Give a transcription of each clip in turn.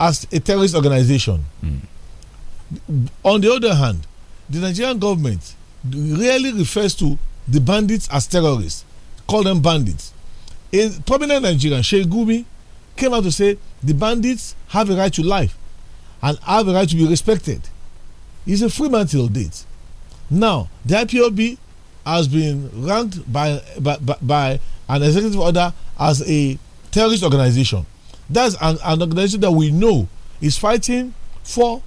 as a terrorist organization. Mm. On the other hand, the Nigerian government really refers to the bandits as terrorists, call them bandits. A prominent Nigerian, Sheikh Gumi, came out to say the bandits have a right to life and have a right to be respected. He's a free man till date. Now, the IPOB has been ranked by, by, by, by an executive order as a terrorist organization. That's an, an organization that we know is fighting for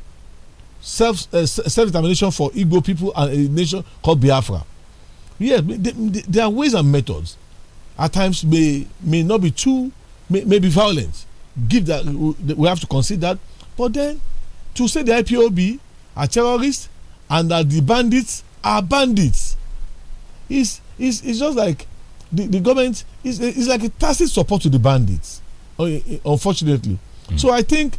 self uh, self determination for Igbo people and a nation called Biafra. Yes, there are ways and methods. At times, may may not be too may, may be violent. Give that we have to consider that. But then, to say the IPOB are terrorists and that the bandits are bandits is is is just like the, the government is is like a tacit support to the bandits Oh, unfortunately. Mm. So I think,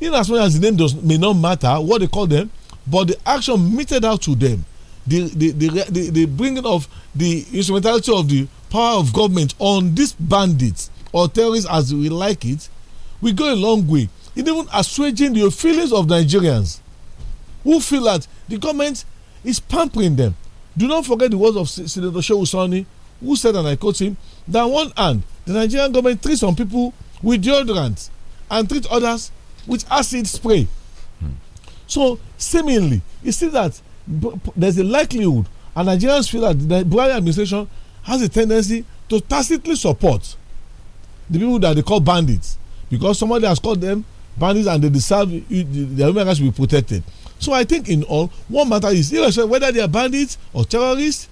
in as much as the name does may not matter what they call them, but the action meted out to them, the the the, the, the bringing of the instrumentality of the power of government on these bandits or terrorists as we like it, we go a long way in even assuaging the feelings of Nigerians who feel that the government is pampering them. Do not forget the words of Senator Shehu Sani, who said, and I quote him, that on one hand, the Nigerian government treats some people with deodorant and treat others with acid spray. Hmm. So seemingly, you see that there's a likelihood, and Nigerians feel that the Buhari administration has a tendency to tacitly support the people that they call bandits because somebody has called them bandits and they deserve their human rights to be protected. So I think in all, one matter is whether they are bandits or terrorists,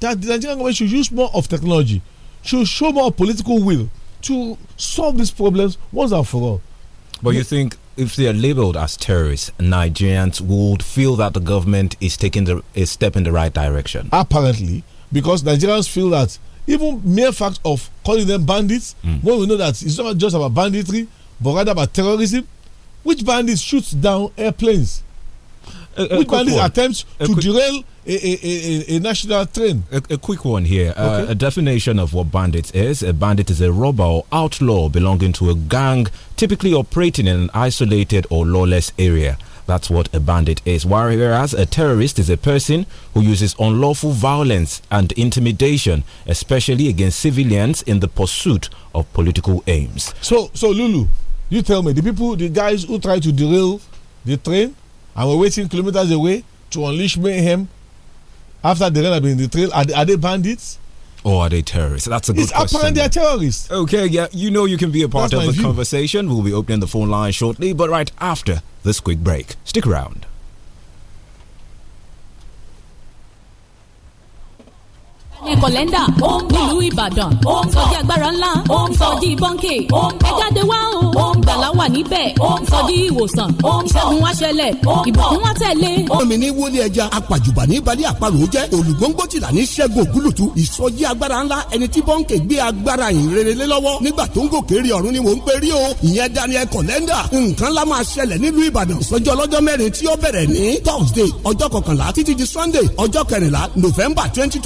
that the Nigerian government should use more of technology, should show more political will to solve these problems once and for all. But you think if they are labeled as terrorists, Nigerians would feel that the government is taking the, a step in the right direction? Apparently, because Nigerians feel that even mere fact of calling them bandits, mm. when we know that it's not just about banditry, but rather about terrorism, which bandits shoots down airplanes? a, a which Mali attempts a to derail a, a, national train. A, quick one here. Uh, okay. a definition of what bandit is. A bandit is a robber or outlaw belonging to a gang, typically operating in an isolated or lawless area. That's what a bandit is. Whereas a terrorist is a person who uses unlawful violence and intimidation, especially against civilians, in the pursuit of political aims. So, so Lulu, you tell me the people, the guys who try to derail the train, and were waiting kilometers away to unleash mayhem after the rain had been in the trail are they, are they bandits or oh, are they terrorists? That's a good it's question. Apparently, terrorists. Okay, yeah, you know you can be a part That's of the view. conversation. We'll be opening the phone line shortly, but right after this quick break. Stick around. ní kọ̀lẹ́ndà nílùú ìbàdàn ìsọjí agbára ńlá ìsọjí bọ́ńkì ẹ jáde wá o gbàlá wà níbẹ̀ ìsọjí ìwòsàn ìṣẹ́gun wá ṣẹlẹ̀ ìbùkún wá tẹ̀lé. omi ní wọlé ẹja apàjùbà ní balẹ̀ àparò jẹ́ olùgbòǹgbò tìlà ní ṣẹ́gun ògúlùtù ìsọjí agbára ńlá ẹni tí bọ́ńkì gbé agbára ìrere lọ́wọ́ nígbà tó ń gòkè rí ọ̀run ni mò ń pè rí o ìyẹn Daniel kọ̀lẹ́ndà nǹkan lá thursday ọjọ́ kọkànlá títí sunday ọjọ́ kẹrìnlá november twenty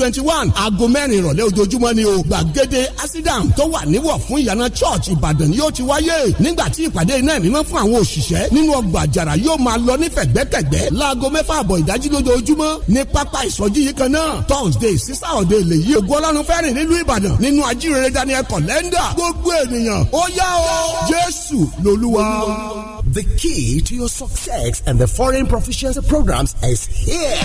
aago mẹ́rin ìrọ̀lẹ́ ojoojúmọ́ ni o gbàgede asidam tó wà níwọ̀ fún ìyànà church ìbàdàn yóò ti wáyé nígbà ìpàdé iná ẹ̀mí mọ́ fún àwọn òṣìṣẹ́ nínú ọgbà àjàrà yóò máa lọ ní fẹ̀gbẹ́kẹ̀gbẹ́ láago mẹ́fà àbọ̀ ìdájí lójoojúmọ́ ní pápá ìsọjí yìí kan náà thursday sísá ọ̀dẹ lè yí ògo ọlọ́run fẹ́rìn nílùú ìbàdàn nínú ajírere daniel kọ̀lẹ́ndà gbogbo ènìyàn ó yá o jésù lolúwa. The key to your success and the foreign proficiency programs is here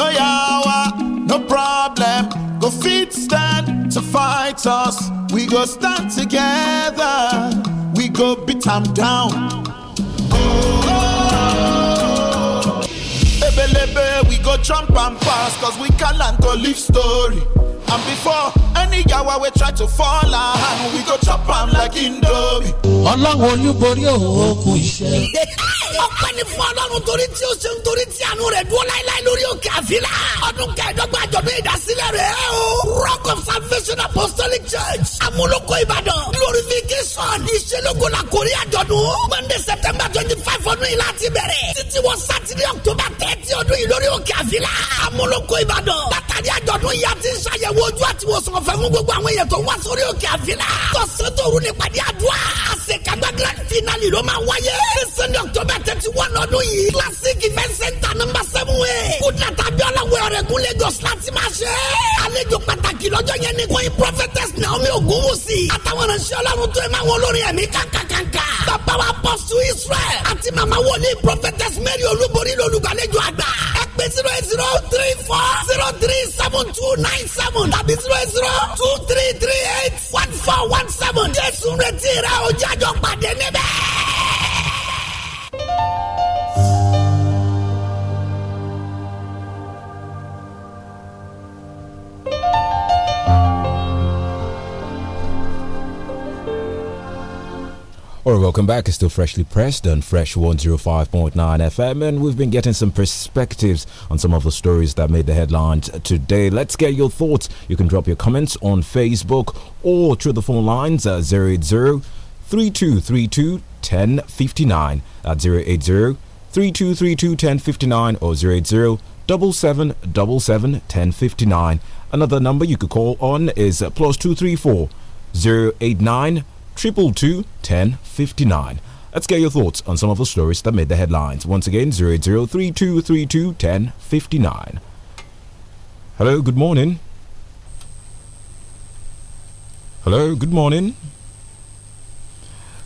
No yawa, no problem. Go feed stand to fight us. We go stand together. We go beat them down. Oh, oh, oh. we go jump and pass, cause we can not go live story. And before any yawa we try to fall and we go chop them like Indomie. Along olúborí òun ó kú ọpẹ́ ni fún ọlọ́run torí tí ó ṣeun torí tí àánú rẹ̀ dúró láéláé lórí òkè àfilà. ọdún kẹẹ̀dọ́gba àjọ̀dún ìdásílẹ̀ rẹ̀ o. rock of salvation apostolic church amúlòkọ ìbàdàn glorification ìṣelógo la kórí àjọ̀dún. monday september twenty five ọdún yìí láti bẹ̀rẹ̀. títí wọ sátidé october thirty ọdún yìí lórí òkè àfilà. amúlòkọ ìbàdàn látàrí àjọ̀dún yìí àti ìṣàyẹ̀wò ojú àti ìwòsàn ọ̀fẹ́ fún gbogbo àwọn èèyàn tó wá sórí òkè àfilà. tọ̀sán tòru nípàdé àdúrà. àṣekágbá grand finale ló máa wáyé. sunday october thirty one ọdún yìí classic event center number seven way goodluck abiola wẹ̀rẹ̀ kún lagos láti máa ṣe é. àlejò pàtàkì lọ́jọ́ yẹn ni kóyin prophetess naomi ogunwusi àtàwọn ìránṣẹ́ ọlọ́run tó ẹ máa wọ olórin ẹ̀mí kàkàkàkà. bàbá wa apostle israel àti màmá wòlíì prophetess mary olúborí lolùgbàlejò àgbà. ẹ pè zero eight zero three four zero three seven two nine seven tàbí zero zero two three three eight one four one seven. jésù retí rẹ ojú àjọ pàdé níbẹ̀. All right, welcome back. It's still freshly pressed on Fresh 105.9 FM, and we've been getting some perspectives on some of the stories that made the headlines today. Let's get your thoughts. You can drop your comments on Facebook or through the phone lines at 080 3232 1059. at 080 3232 1059 or 080 Another number you could call on is plus plus two three four Let's get your thoughts on some of the stories that made the headlines. Once again, zero eight zero three two three two ten fifty nine. Hello, good morning. Hello, good morning.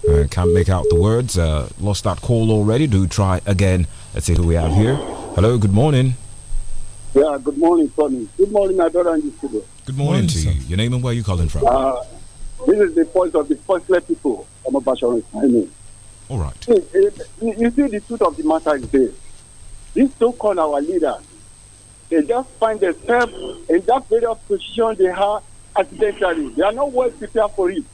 Uh, can't make out the words. Uh, lost that call already. Do try again. Let's see who we have here. Hello, good morning. Yeah, good morning, Tony. Good morning, my brother and your Good morning, to sir. you. Your name and where you calling from? Uh, this is the voice of the first people. I'm a bachelorist. I mean. All right. You, you see, the truth of the matter is this. These so-called our leaders, they just find themselves in that very position they have accidentally. They are not well prepared for it.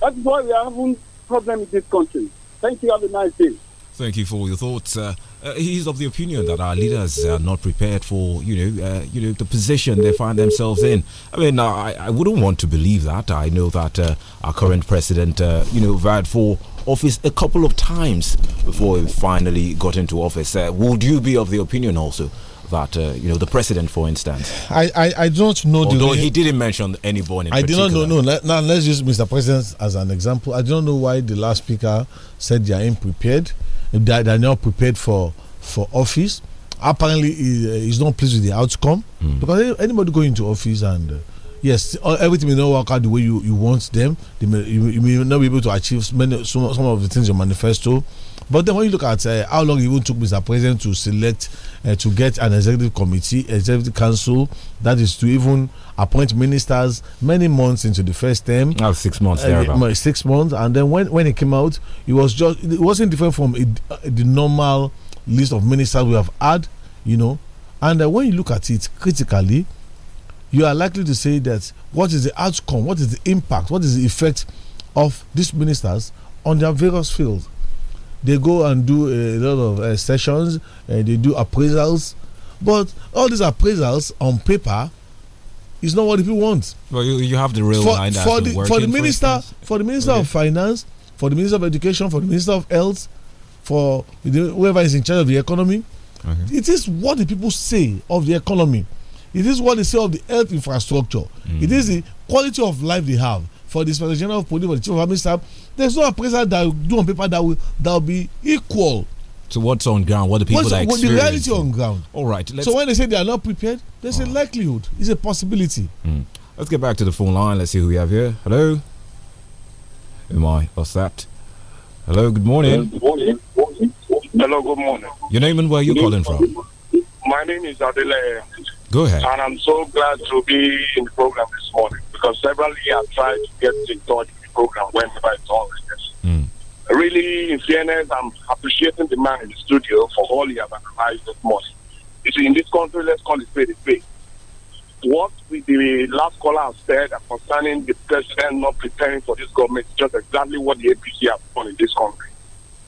That's why we haven't problem in this country. Thank you. Have a nice day. Thank you for your thoughts. Uh, uh, he's of the opinion that our leaders are not prepared for, you know, uh, you know, the position they find themselves in. I mean, I, I wouldn't want to believe that. I know that uh, our current president, uh, you know, vied for office a couple of times before he finally got into office. Uh, would you be of the opinion also that uh, you know the president, for instance. I I, I don't know. Although he didn't mention any anyone. I particular. not know. No, let, now let's use Mr. President as an example. I don't know why the last speaker said they are unprepared. They, are not prepared for for office. Apparently, he, uh, he's not pleased with the outcome mm. because anybody going to office and. Uh, yes, everything may not work out the way you, you want them. May, you, you, may not be able to achieve many, some, some of the things you your manifesto but then when you look at uh, how long it even took Mr. President to select, uh, to get an executive committee, executive council, that is to even appoint ministers many months into the first term. term—six months. Uh, six months. And then when, when it came out, it was just, it wasn't different from it, uh, the normal list of ministers we have had, you know. And uh, when you look at it critically, you are likely to say that what is the outcome, what is the impact, what is the effect of these ministers on their various fields. They go and do a lot of uh, sessions, eh, they do appraisals. But all these appraisals on paper is not what people want. Well, you, you have the real for, line for the, working, for the minister, for, for the minister okay. of finance, for the minister of education, for the minister of health, for the, whoever is in charge of the economy. Okay. It is what the people say of the economy. It is what they say of the health infrastructure. Mm. It is the quality of life they have for the inspector general police for the chief of army staff there is no appraisal that do on paper that will that will be equal. to what's on ground what the people what's, are experiencing what the reality on ground. all right, so when they say they are not prepared there's a ah. likelihood it's a possibility. Mm. let's get back to the phone line let's see who we have here hello. Am I? What's that? Hello, good morning. Good morning. Hello, good morning. Your name and where you calling from? My name is Adele. Go ahead. And I'm so glad to be in the program this morning because years i tried to get in touch with the program whenever it's on. Mm. Really, in fairness, I'm appreciating the man in the studio for all he has analyzed this morning. You see, in this country, let's call it spade a spade. What the last caller has said concerning the president not preparing for this government is just exactly what the APC have done in this country.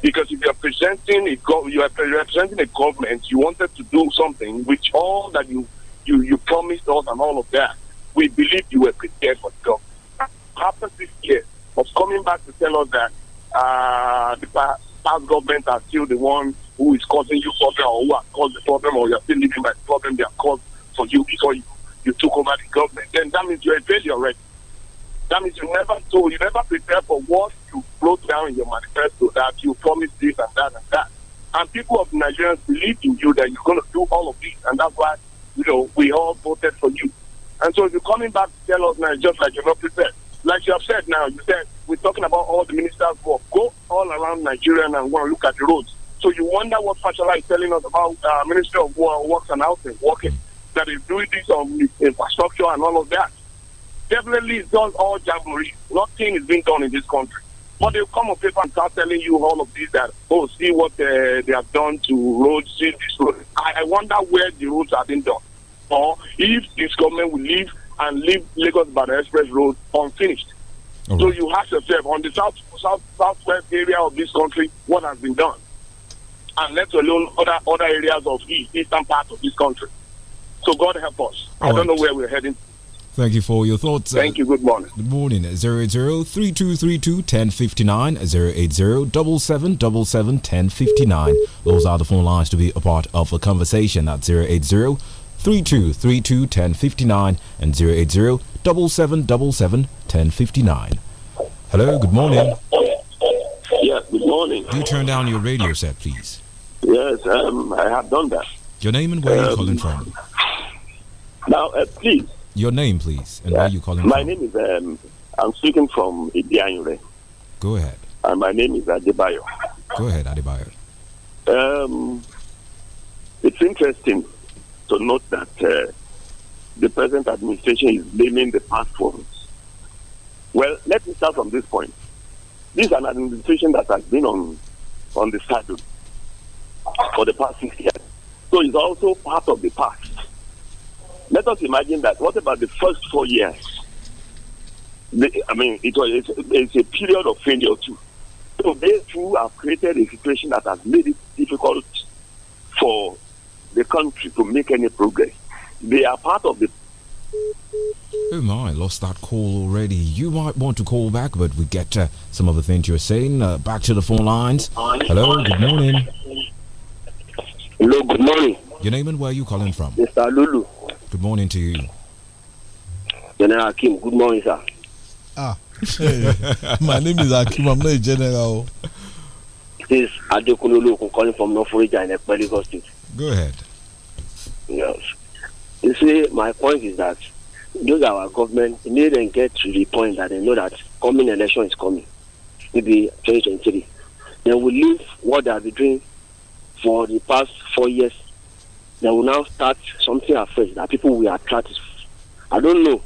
Because if you are presenting a go- you are representing a government, you wanted to do something which all that you you, you promised us and all of that we believe you were prepared for the What happened this year was coming back to tell us that uh, the past government are still the one who is causing you problem or who has caused the problem or you're still living by the problem they have caused for you before you, you took over the government, then that means you're a failure already. That means you never told, you never prepared for what you wrote down in your manifesto that you promised this and that and that. And people of Nigerians believe in you that you're going to do all of this, and that's why you know we all voted for you. And so you're coming back to tell us now just like you're not prepared. Like you have said now, you said we're talking about all the ministers who go all around Nigeria and go look at the roads. So you wonder what Fashola is telling us about uh, Ministry of War, Works and Housing, working, that is doing this on infrastructure and all of that. Definitely it's done all jamboree. Nothing is being done in this country. But they come on paper and start telling you all of this that, oh, see what uh, they have done to roads, see this road. I, I wonder where the roads have been done or if this government will leave and leave Lagos by the express road unfinished. Right. So you ask yourself on the south, south southwest area of this country, what has been done? And let alone other other areas of the eastern part of this country. So God help us. All I don't know where we're heading. Thank you for your thoughts. Uh, Thank uh, you. Good morning. Good morning. 080-3232-1059, 080-777-1059. Those are the phone lines to be a part of a conversation at 080 3232 and 080 1059. Hello, good morning. Yeah, good morning. Do you turn down your radio set, please? Yes, um, I have done that. Your name and where um, you calling from? Now, uh, please. Your name, please, and why where you calling my from? My name is, um, I'm speaking from Idianyure. Go ahead. And my name is Adebayo. Go ahead, Adebayo. Um, it's interesting to note that uh, the present administration is blaming the past for it. Well, let me start from this point. This is an administration that has been on, on the saddle for the past six years. So it's also part of the past. Let us imagine that. What about the first four years? The, I mean, it was, it's, it's a period of failure too. So they too have created a situation that has made it difficult for the country to make any progress. They are part of the Oh my, I lost that call already. You might want to call back, but we get uh, some of the things you're saying. Uh, back to the phone lines. Hello, good morning. Hello, good morning. Your name and where are you calling from? Mr. Lulu. Good morning to you. General Akim, good morning, sir. Ah, hey, my name is Akim, I'm not a general. This is Adekunle calling from North Florida in Ekpe, Lagos State. Go ahead. Yes. You see, my point is that those our government need and get to the point that they know that coming election is coming, maybe 2023. they will leave what they have been doing for the past four years. They will now start something afresh that people will attract. I don't know.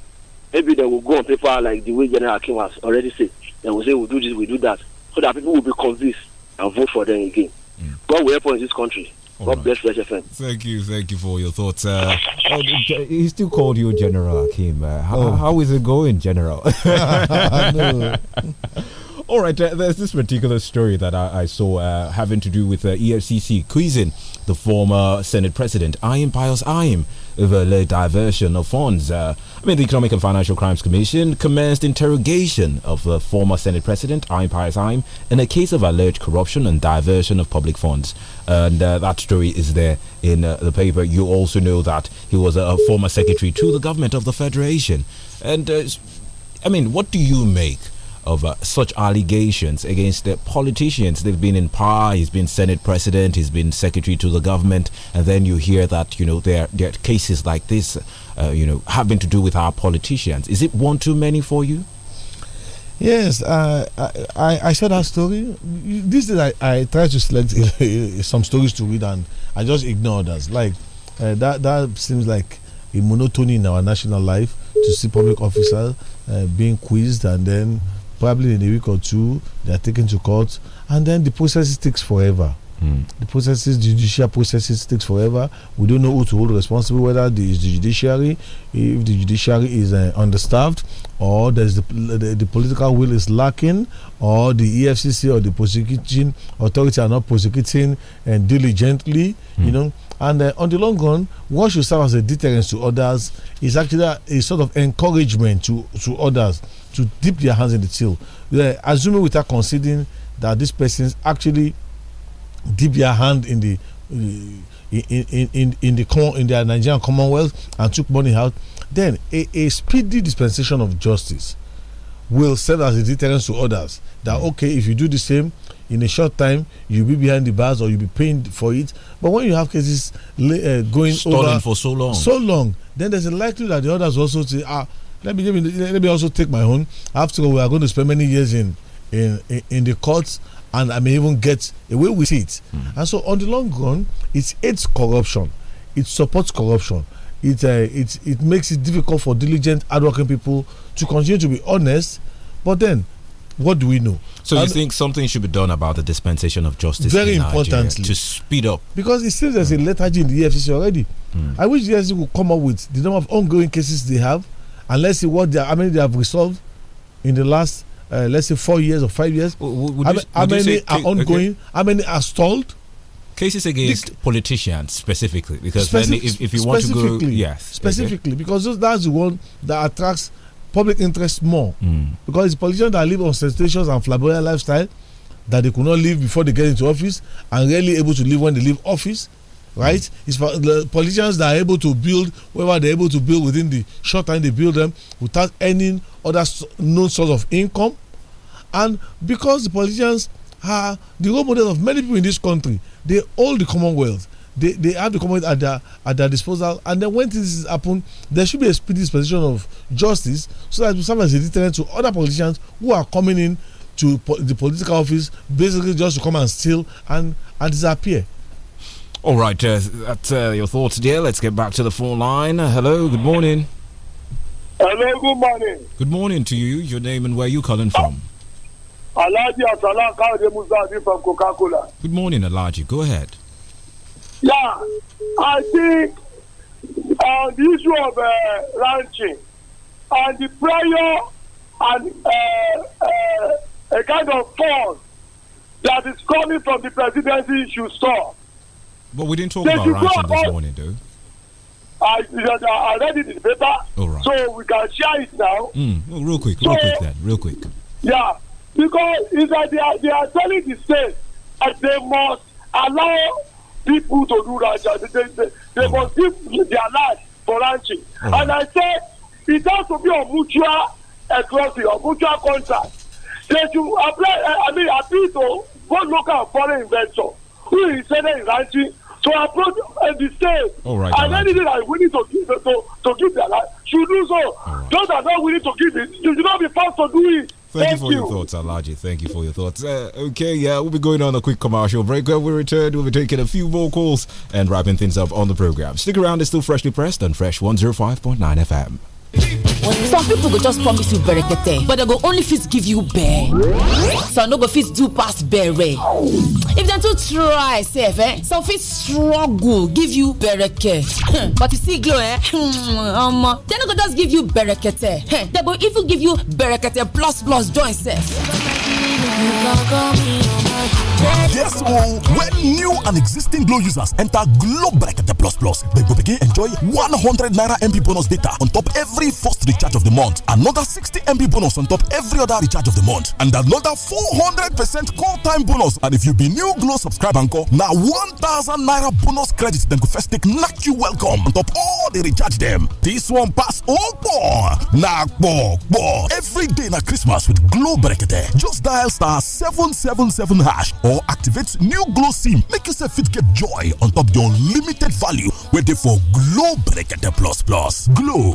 Maybe they will go on paper like the way General Kim has already said. They will say, we'll do this, we'll do that. So that people will be convinced and vote for them again. Mm. God will help us in this country. God right. bless Fresh FM. Thank you, thank you for your thoughts. Uh, oh, he still called you General Kim. Uh, how, oh. how is it going, General? All right, uh, there's this particular story that I, I saw uh, having to do with uh, EFCC quizzing the former Senate President Ayim Pius Ayim over the diversion of funds. Uh, I mean, the Economic and Financial Crimes Commission commenced interrogation of the former Senate President Ayn Pius Aym in a case of alleged corruption and diversion of public funds. And uh, that story is there in uh, the paper. You also know that he was a, former secretary to the government of the Federation. And uh, I mean, what do you make? Of uh, such allegations against the politicians. They've been in power, he's been Senate president, he's been secretary to the government, and then you hear that, you know, there, there are cases like this uh, you know, having to do with our politicians. Is it one too many for you? Yes, uh, I, I said that story. These days, I, I try to select some stories to read and I just ignore others. Like, uh, that, that seems like a monotony in our national life to see public officers uh, being quizzed and then probably in a week or two they are taken to court and then the process takes forever. The processes, the judicial processes takes forever. We don't know who to hold responsible, whether it is the judiciary, if the judiciary is uh, understaffed, or there's the, the, the, political will is lacking, or the EFCC or the prosecuting authority are not prosecuting and uh, diligently, mm. you hmm. know. And uh, on the long run, what should serve as a deterrent to others is actually a, a sort of encouragement to, to others to dip their hands in the till, uh, assuming without conceding that these persons actually dip their hand in the uh, in in in, in the common in their Nigerian Commonwealth and took money out, then a, a speedy dispensation of justice will serve as a deterrent to others that mm. okay if you do the same in a short time you'll be behind the bars or you'll be paying for it but when you have cases uh, going Stalling over for so long so long then there's a likelihood that the others also say ah let me, let me let me also take my own after all we are going to spend many years in in in, in the courts and I may even get away with it. Mm. And so, on the long run, it aids corruption, it supports corruption, it, uh, it, it makes it difficult for diligent, hardworking people to continue to be honest. But then, what do we know? So and you think something should be done about the dispensation of justice? Very importantly, to speed up because it seems there's mm. a hmm. lethargy in the EFCC already. Mm. I wish the EFCC would come up with the number of ongoing cases they have, and let's see what they, I many they have resolved in the last uh, let's say four years or five years? Would how, you, how many are okay. ongoing? How many are stalled? Cases against the, politicians specifically, because specific, if, if, you want to go, yes, specifically okay. because that's the one that attracts public interest more, mm. because it's politicians that live on sensations and flamboyant lifestyle that they could not live before they get into office and rarely able to live when they leave office right? It's for the politicians that are able to build whatever they're able to build within the short time they build them without any other known source of income. And because the politicians are the role models of many people in this country, they own the Commonwealth. They, they have the Commonwealth at their, at their disposal. And then when things happen, there should be a speedy disposition of justice so that we serve as a deterrent to other politicians who are coming in to po the political office basically just to come and steal and, and disappear all right, uh, that's uh, your thoughts, dear. Let's get back to the phone line. Hello, good morning. Hello, good morning. Good morning to you. Your name and where you calling ah, from? Alaji Asala from Coca Cola. Good morning, Alaji. Go ahead. Yeah, I think on uh, the issue of uh, ranching and the prayer and uh, uh, a kind of force that is coming from the presidency should stop. But we didn't talk they about ranching this morning, though. I, I read it in the paper. All right. So we can share it now. Mm, well, real quick, real so, quick then, real quick. Yeah, because it's that they are, they are telling the state that they must allow people to do that. They, they, they right. must give their life for ranching. Right. And I said, it has to be a mutual agreement, a mutual contract. They should apply, I mean, appeal to both local foreign investor who is selling ranching to approach and be saved. All right. And right. anything that is willing to give, to, to give their life should do so. Right. Those that are not willing to give it, you should not be forced to do it. Thank, Thank you for you. your thoughts, Alaji. Thank you for your thoughts. Uh, okay, yeah, we'll be going on a quick commercial break. When we return, we'll be taking a few more calls and wrapping things up on the program. Stick around, it's still freshly pressed and Fresh 105.9 FM. some people go just promise you berekete but dem go only fit give you bere some no go fit do pass bere if dem too try sef eh some fit struggle give you bereke hmm, but you see, Glo, eh hmm, omo dem no go just give you berekete hmm, dem go even give you berekete plus plus join sef Yes, oh, when new and existing Glow users enter Glow Bracket Plus Plus, they go begin enjoy 100 Naira MB bonus data on top every first recharge of the month, another 60 MB bonus on top every other recharge of the month, and another 400% call time bonus. And if you be new Glow subscriber encore, now 1000 Naira bonus credit then go first take knock you welcome on top all the recharge them. This one pass all Now, four, four. Every day na Christmas with Glow Bracket. Just dial star 777 cash or activate new Glow SIM make yourself fit get joy on top your unlimited value waiting for Glow breaker Plus Plus. Glow.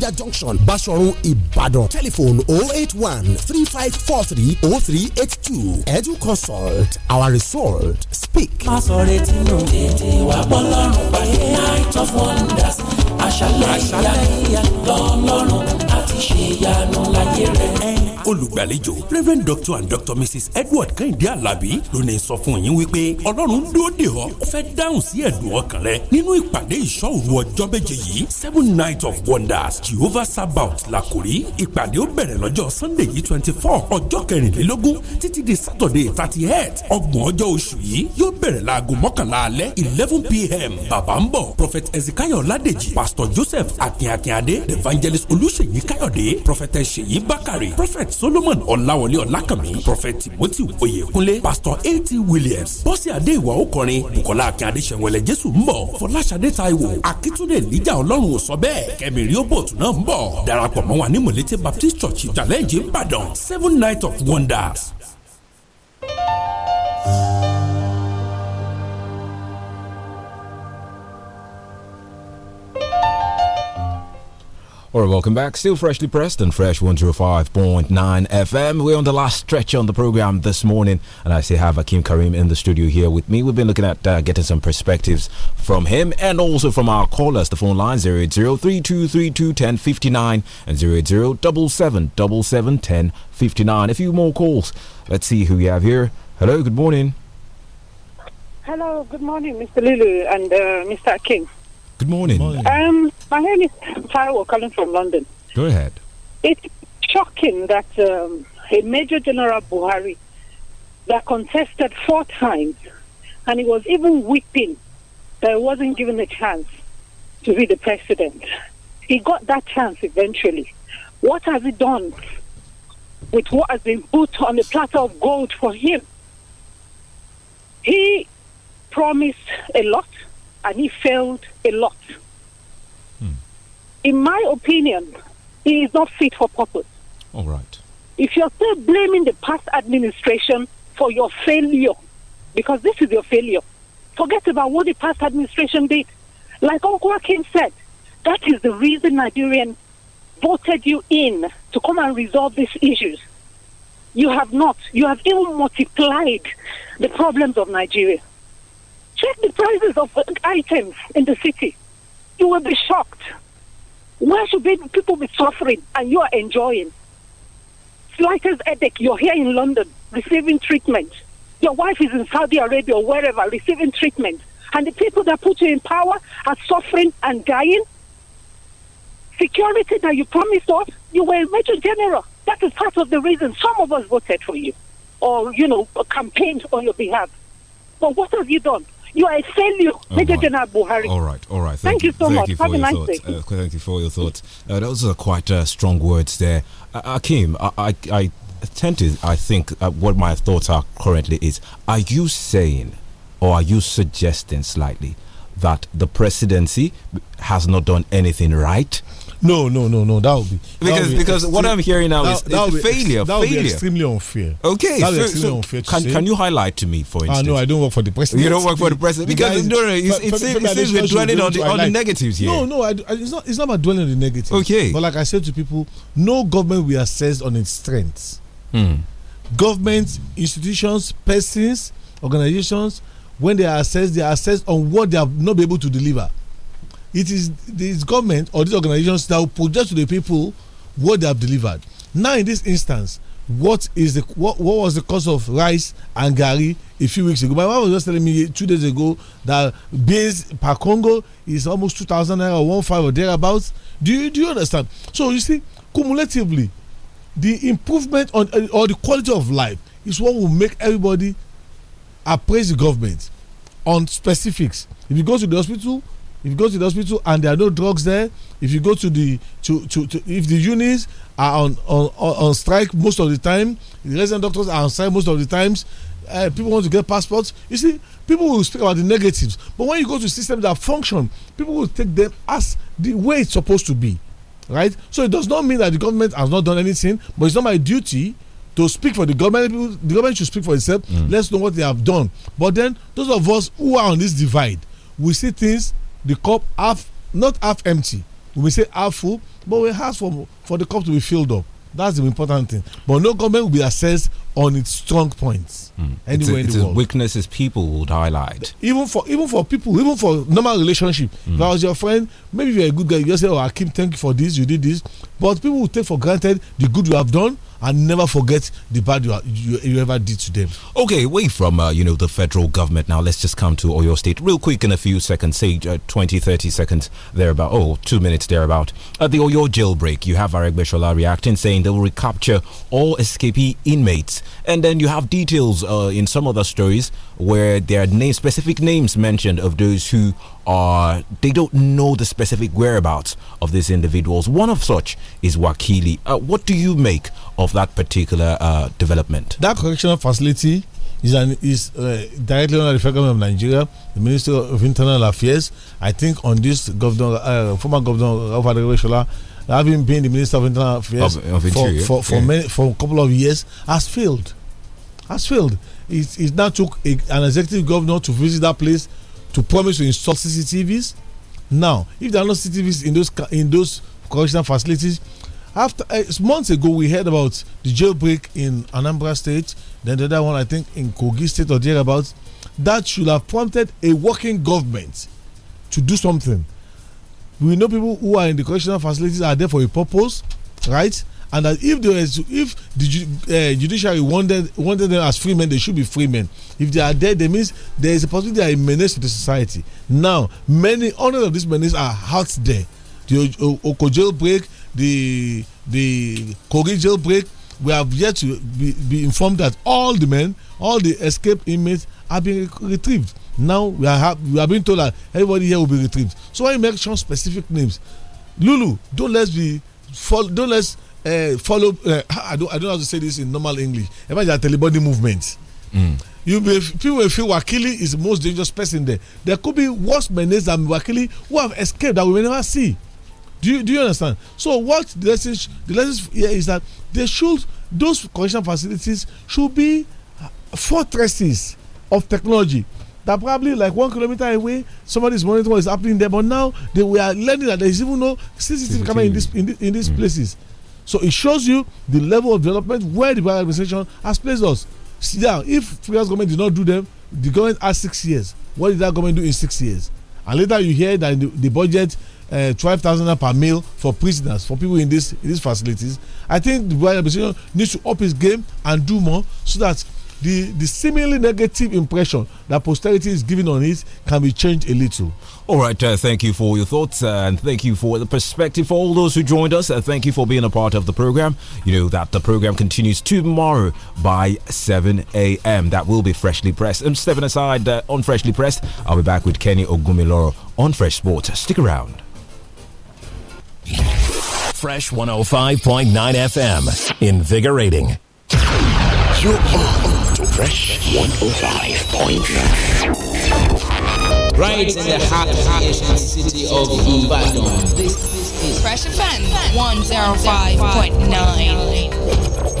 Bodija junction Bashorun Ibadan telephone 081 3543 0382 Edu consult our result speak. má sọ retí ìyá lọ́lọ́run àti ṣèyanu láyé rẹ̀ olùgbàlejò reverend doctor and doctor mrs edward kẹ́hìndé alábí ló ní sọ fún yín wípé ọlọ́run dúró dè ọ́ ó fẹ́ dáhùn sí ẹ̀dùn ọkàn rẹ nínú ìpàdé ìṣọ́òru ọjọ́ méje yìí seven night of wonders jehovah sabaoth làkòrí ìpàdé ó bẹ̀rẹ̀ lọ́jọ́ sunday yìí twenty four ọjọ́ kẹrìnlélógún títí di saturday thirty eight ọgbọ̀n ọjọ́ oṣù yìí yóò bẹ̀rẹ̀ láago mọ́kànlá alẹ́ eleven pm bàbá ń bọ̀ prophet ezekiah ọládèjì pastor joseph akínyàkínyàdé evangelist olùṣèyí káyọ̀dé prophet ṣèyí bákàrè prophet solomon ọláwọlé ọlákànmí prophet timothy oyèkúnlé pastor at williams bọ́sì adé ìwà òkọrin bukola akin adéṣẹ́wẹ̀lẹ̀ jésù ń bọ̀ fọláṣadé taiwo akitunde níjà ọlọ́run ò sọ bẹ́ẹ̀ kẹmí riobotu náà ń bọ̀ darapọ̀ mọ́ ní mọ̀lẹ́tẹ̀ baptist church ìjàlẹ́jì ìbàdàn seven night of wonders All right, welcome back. Still freshly pressed and fresh 105.9 FM. We're on the last stretch on the program this morning, and I still have Akim Karim in the studio here with me. We've been looking at uh, getting some perspectives from him and also from our callers. The phone line 080 and 080 A few more calls. Let's see who we have here. Hello, good morning. Hello, good morning, Mr. Lulu and uh, Mr. Akim. Good morning. Good morning. Um, my name is Farah calling from London. Go ahead. It's shocking that um, a Major General Buhari that contested four times and he was even weeping that he wasn't given a chance to be the president. He got that chance eventually. What has he done with what has been put on a platter of gold for him? He promised a lot and he failed a lot. Hmm. In my opinion, he is not fit for purpose. All right. If you're still blaming the past administration for your failure, because this is your failure, forget about what the past administration did. Like Uncle King said, that is the reason Nigerian voted you in to come and resolve these issues. You have not. You have even multiplied the problems of Nigeria. Check the prices of items in the city. You will be shocked. Why should people be suffering and you are enjoying? Slightest headache, you're here in London receiving treatment. Your wife is in Saudi Arabia or wherever receiving treatment. And the people that put you in power are suffering and dying. Security that you promised us, you were a major general. That is part of the reason some of us voted for you or, you know, campaigned on your behalf. But what have you done? You are a failure. Major General Buhari. All right, all right. Thank, thank you so thank much. You Have a nice thoughts. day. Uh, thank you for your thoughts. Uh, those are quite uh, strong words there. Uh, uh Akim, I, I, I tend to, I think, uh, what my thoughts are currently is are you saying or are you suggesting slightly that the presidency has not done anything right? No, no, no, no. That would be that because would be because what I'm hearing now that, is that is failure. That would failure. be extremely unfair. Okay, that so, extremely so unfair. Can, can, you highlight to me for instance? Ah, no, I don't work for the president. You don't work for the president because no, no, it's, it seems we're dwelling on the on the negatives here. No, no, I, it's not. It's not about dwelling on the negatives. Okay, but like I said to people, no government will assess on its strengths. Hmm. Government institutions, persons, organizations, when they are assessed, they are assessed on what they have not been able to deliver it is this government or these organizations that will project to the people what they have delivered. Now, in this instance, what is the what, what was the cost of rice and gari a few weeks ago? My wife was just telling me two days ago that base per Congo is almost two thousand naira, one five or thereabouts. Do you do you understand? So you see, cumulatively, the improvement on uh, or the quality of life is what will make everybody appraise the government on specifics. If you go to the hospital, if you go to the hospital and there are no drugs there if you go to the to to, to if the unis are on, on on strike most of the time the resident doctors are on strike most of the times uh, people want to get passports you see people will speak about the negatives but when you go to systems that function people will take them as the way it's supposed to be right so it does not mean that the government has not done anything but it's not my duty to speak for the government the government should speak for itself mm. let's know what they have done but then those of us who are on this divide we see things the cup half not half empty we say half full but we ask for for the cup to be filled up that's the important thing but no government will be assessed on its strong points mm. anywhere it's, a, it's in the world. Weaknesses people would highlight. Even for even for people, even for normal relationship. Mm. If hmm. I was your friend, maybe you're a good guy, you just say, "Oh, Akim, thank you for this. You did this." But people will take for granted the good you have done and never forget the bad you, you, you, ever did to them. Okay, away from uh, you know the federal government now. Let's just come to Oyo State real quick in a few seconds, say uh, 20, 30 seconds thereabout. Oh, two minutes thereabout. At the Oyo jailbreak, you have Beshola reacting, saying they will recapture all escapee inmates and then you have details uh, in some other stories where there are name, specific names mentioned of those who are they don't know the specific whereabouts of these individuals. One of such is Wakili. Uh, what do you make of that particular uh, development? That correctional facility is, an, is uh, directly under the federal government of Nigeria, the Minister of Internal Affairs. I think on this governor, uh, former governor of Shola having been the Minister of Internal Affairs of, of for, for, for, yeah. many, for a couple of years, has failed. Has failed. It, it now took a, an executive governor to visit that place to promise to install CCTVs. Now, if there are no CCTVs in those in those correctional facilities, after uh, months ago we heard about the jailbreak in Anambra State, then the other one I think in Kogi State or thereabouts. That should have prompted a working government to do something we know people who are in the correctional facilities are there for a purpose right and that if there is if the uh, judiciary wanted wanted them as free men they should be free men if they are there that means there is a possibility they are a menace to the society now many hundreds of these menaces are out there the oko jailbreak the the kogi jailbreak we have yet to be, be informed that all the men all the escaped inmates have been retrieved now we are we being told that everybody here will be retrieved. So why you some specific names, Lulu, don't let's be follow, don't let's uh, follow. Uh, I don't I don't to say this in normal English. Imagine a telebody movement. Mm. You people will feel Wakili is the most dangerous person there. There could be worse menace than Wakili who have escaped that we may never see. Do you do you understand? So what the lesson the lesson here is that they should those correction facilities should be fortresses of technology that probably like one kilometer away Somebody is monitoring what is happening there but now they were learning that there is even no cctv camera in this in, in these mm. places so it shows you the level of development where the Biden administration has placed us see now if previous government did not do them the government has six years what did that government do in six years and later you hear that the, the budget uh, twelve thousand per meal for prisoners for people in this in these facilities i think the Biden administration needs to up his game and do more so that the the seemingly negative impression that posterity is giving on it can be changed a little. All right, uh, thank you for your thoughts uh, and thank you for the perspective for all those who joined us. Uh, thank you for being a part of the program. You know that the program continues tomorrow by 7 a.m. That will be freshly pressed. I'm stepping aside uh, on freshly pressed. I'll be back with Kenny Ogumiloro on Fresh Sports. Stick around. Fresh 105.9 FM, invigorating. You're on to Fresh 105.9. Right in the heart of the city of Ibadan. This is Fresh Offense 105.9.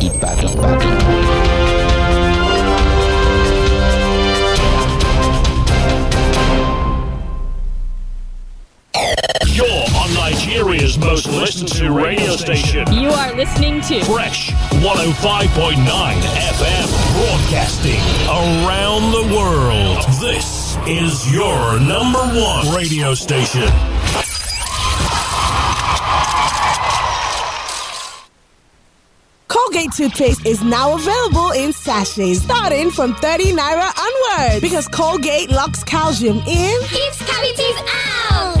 Ibadan. Ibadan. You're on Nigeria's most listened to radio station. You are listening to Fresh 105.9 FM broadcasting around the world. This is your number one radio station. Colgate toothpaste is now available in sachets, starting from 30 naira onward. Because Colgate locks calcium in, keeps cavities out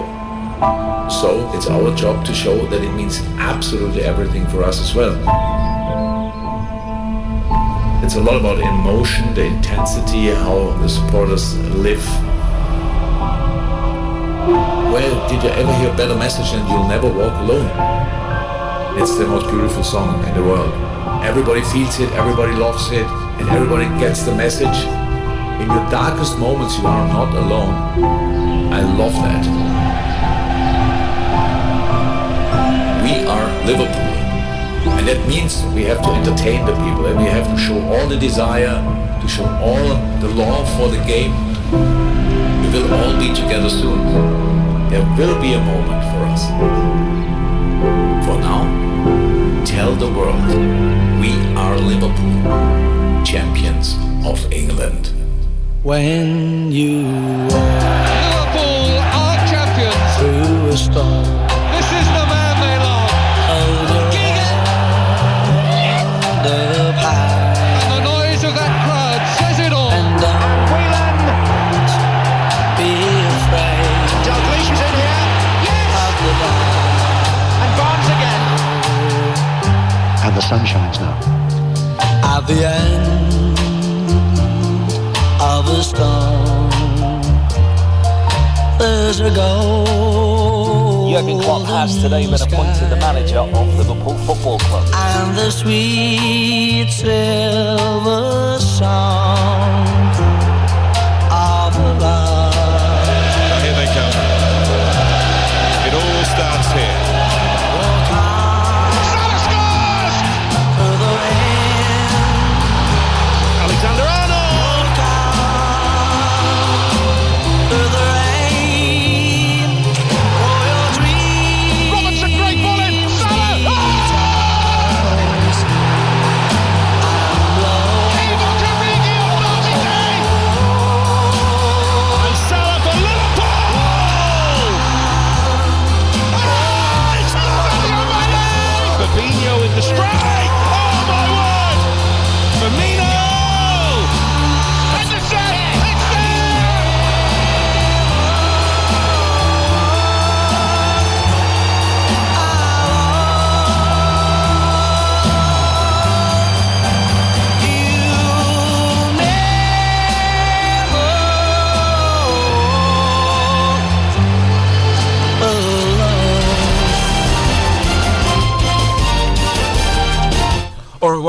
So it's our job to show that it means absolutely everything for us as well. It's a lot about emotion, the intensity, how the supporters live. Well, did you ever hear a better message than you'll never walk alone? It's the most beautiful song in the world. Everybody feels it, everybody loves it, and everybody gets the message. In your darkest moments, you are not alone. I love that. we are Liverpool. And that means we have to entertain the people and we have to show all the desire, to show all the love for the game. We will all be together soon. There will be a moment for us. For now, tell the world we are Liverpool, champions of England. When you are Liverpool are champions through a storm sun shines now. At the end of a storm, there's a goal. Jurgen Klopp has today been appointed the manager of Liverpool Football Club. And the sweet silver song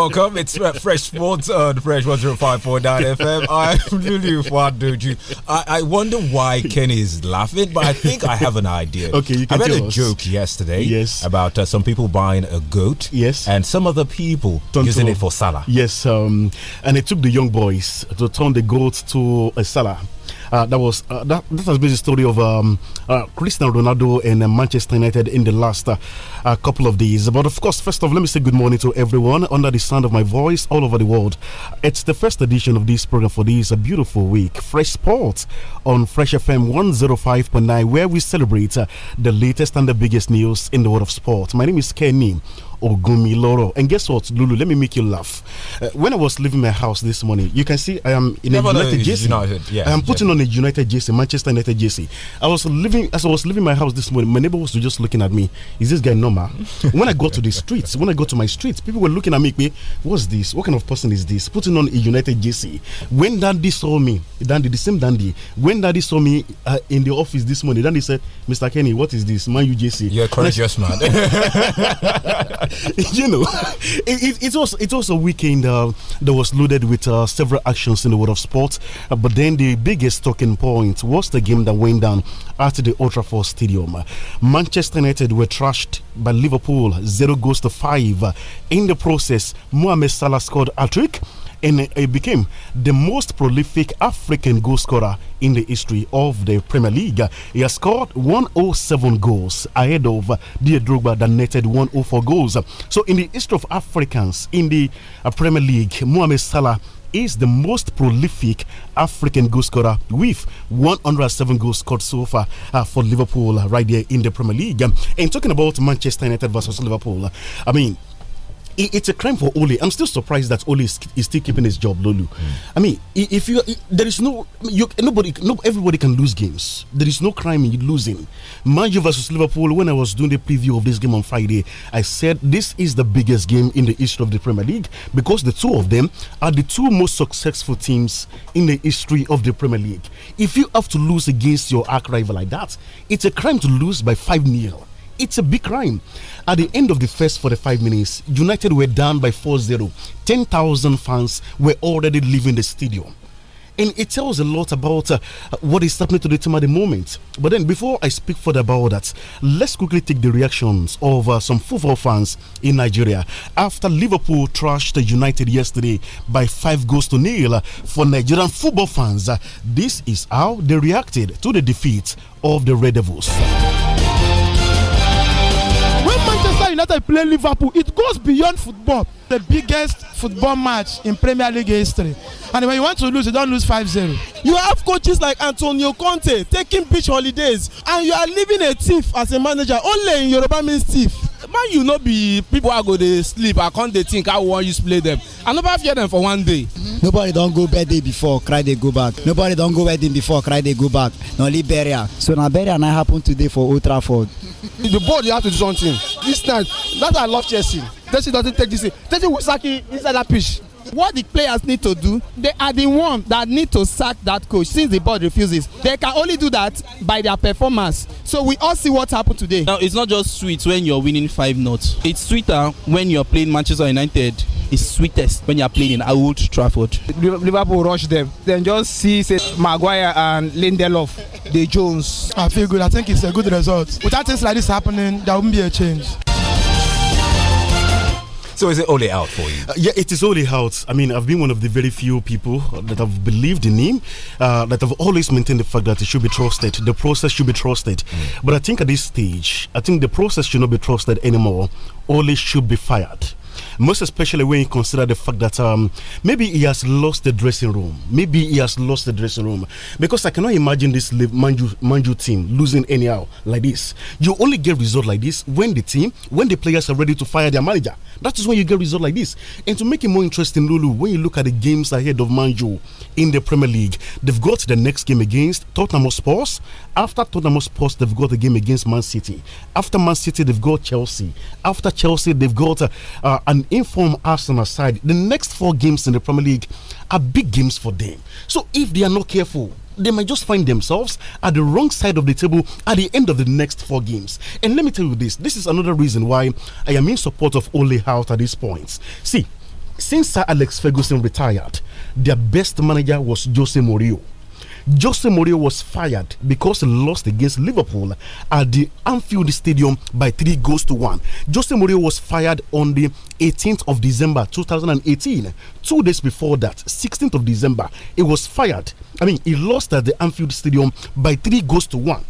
welcome. It's uh, Fresh Sports on Fresh 105.9 FM. I'm Lulu Faduju. I, I wonder why Kenny is laughing, but I think I have an idea. Okay, you can I read a joke yesterday yes. about uh, some people buying a goat yes. and some other people using it for salah. Yes, um, and it took the young boys to turn the goat to a salah. Uh, that was uh, that, that has been the story of um, uh, Cristiano Ronaldo and uh, Manchester United in the last uh, uh, couple of days. But of course, first of all, let me say good morning to everyone under the sound of my voice all over the world. It's the first edition of this program for this beautiful week, Fresh Sports on Fresh FM 105.9, where we celebrate the latest and the biggest news in the world of sport. My name is Kenny. Loro. And guess what, Lulu? Let me make you laugh. Uh, when I was leaving my house this morning, you can see I am in a United jersey. yeah, I am putting yeah. on a United jersey, Manchester United jersey. I was leaving as I was leaving my house this morning. My neighbor was just looking at me. Is this guy normal? when I got to the streets, when I got to my streets, people were looking at me. What's this? What kind of person is this? Putting on a United jersey. When Dandy saw me, Dandy, the same Dandy. When Dandy saw me uh, in the office this morning, Dandy said, "Mr. Kenny, what is this? Man, UJC." You're a courageous man. you know, it, it, it's was a weekend uh, that was loaded with uh, several actions in the world of sports. Uh, but then the biggest talking point was the game that went down at the Old Trafford Stadium. Manchester United were trashed by Liverpool, zero goals to five. In the process, Mohamed Salah scored a trick and he became the most prolific African goal scorer in the history of the Premier League. He has scored 107 goals ahead of Dier Drogba that netted 104 goals. So in the history of Africans in the uh, Premier League, Mohamed Salah is the most prolific African goal scorer with 107 goals scored so far uh, for Liverpool uh, right there in the Premier League. And talking about Manchester United versus Liverpool, uh, I mean, it, it's a crime for Ole. I'm still surprised that Ole is, is still keeping his job, Lulu. Mm. I mean, if you there is no you, nobody, no everybody can lose games. There is no crime in losing. Manju versus Liverpool. When I was doing the preview of this game on Friday, I said this is the biggest game in the history of the Premier League because the two of them are the two most successful teams in the history of the Premier League. If you have to lose against your arch rival like that, it's a crime to lose by five 0 it's a big crime. At the end of the first 45 minutes, United were down by 4 0. 10,000 fans were already leaving the stadium. And it tells a lot about uh, what is happening to the team at the moment. But then, before I speak further about that, let's quickly take the reactions of uh, some football fans in Nigeria after Liverpool trashed United yesterday by five goals to nil. Uh, for Nigerian football fans, uh, this is how they reacted to the defeat of the Red Devils. Manchester United play Liverpool. It goes beyond football. The biggest football match in Premier League history. And when you want to lose, you don't lose 5-0. You have coaches like Antonio Conte taking beach holidays and you are leaving a thief as a manager. Only in Yoruba means thief. man you know, be people wey go to sleep i can't dey think how we wan to play them i never fear them for one day. nobody don't go birthday before cry dey go back nobody don't go wedding before cry dey go back na only burial so na burial I happen today for old trafford the board you have to do something this night that's why i love chelsea chelsea doesn't take this thing chelsea will sack him inside that pitch What the players need to do, they are the ones that need to sack that coach since the board refuses. They can only do that by their performance. So we all see what happened today. Now, it's not just sweet when you're winning five notes. It's sweeter when you're playing Manchester United It's sweetest when you're playing in Old Trafford. Liverpool rush them. Then just see say, Maguire and Lindelof, the Jones. I feel good. I think it's a good result. Without things like this happening, there won't be a change. So is it only out for you? Uh, yeah, it is only out. I mean, I've been one of the very few people that have believed in him, uh, that have always maintained the fact that he should be trusted. The process should be trusted. Mm. But I think at this stage, I think the process should not be trusted anymore. Only should be fired most especially when you consider the fact that um, maybe he has lost the dressing room. Maybe he has lost the dressing room because I cannot imagine this Manju, Manju team losing anyhow like this. You only get result like this when the team, when the players are ready to fire their manager. That is when you get result like this. And to make it more interesting, Lulu, when you look at the games ahead of Manju in the Premier League, they've got the next game against Tottenham Sports. After Tottenham Sports, they've got the game against Man City. After Man City, they've got Chelsea. After Chelsea, they've got uh, uh, an Inform Arsenal side, the next four games in the Premier League are big games for them. So if they are not careful, they might just find themselves at the wrong side of the table at the end of the next four games. And let me tell you this this is another reason why I am in support of Ole Hout at this point. See, since Sir Alex Ferguson retired, their best manager was Jose Mourinho. Jose Mourinho was fired because he lost against Liverpool at the Anfield Stadium by three goals to one. Jose Mourinho was fired on the 18th of December 2018. Two days before that, 16th of December, he was fired. I mean, he lost at the Anfield Stadium by three goals to one.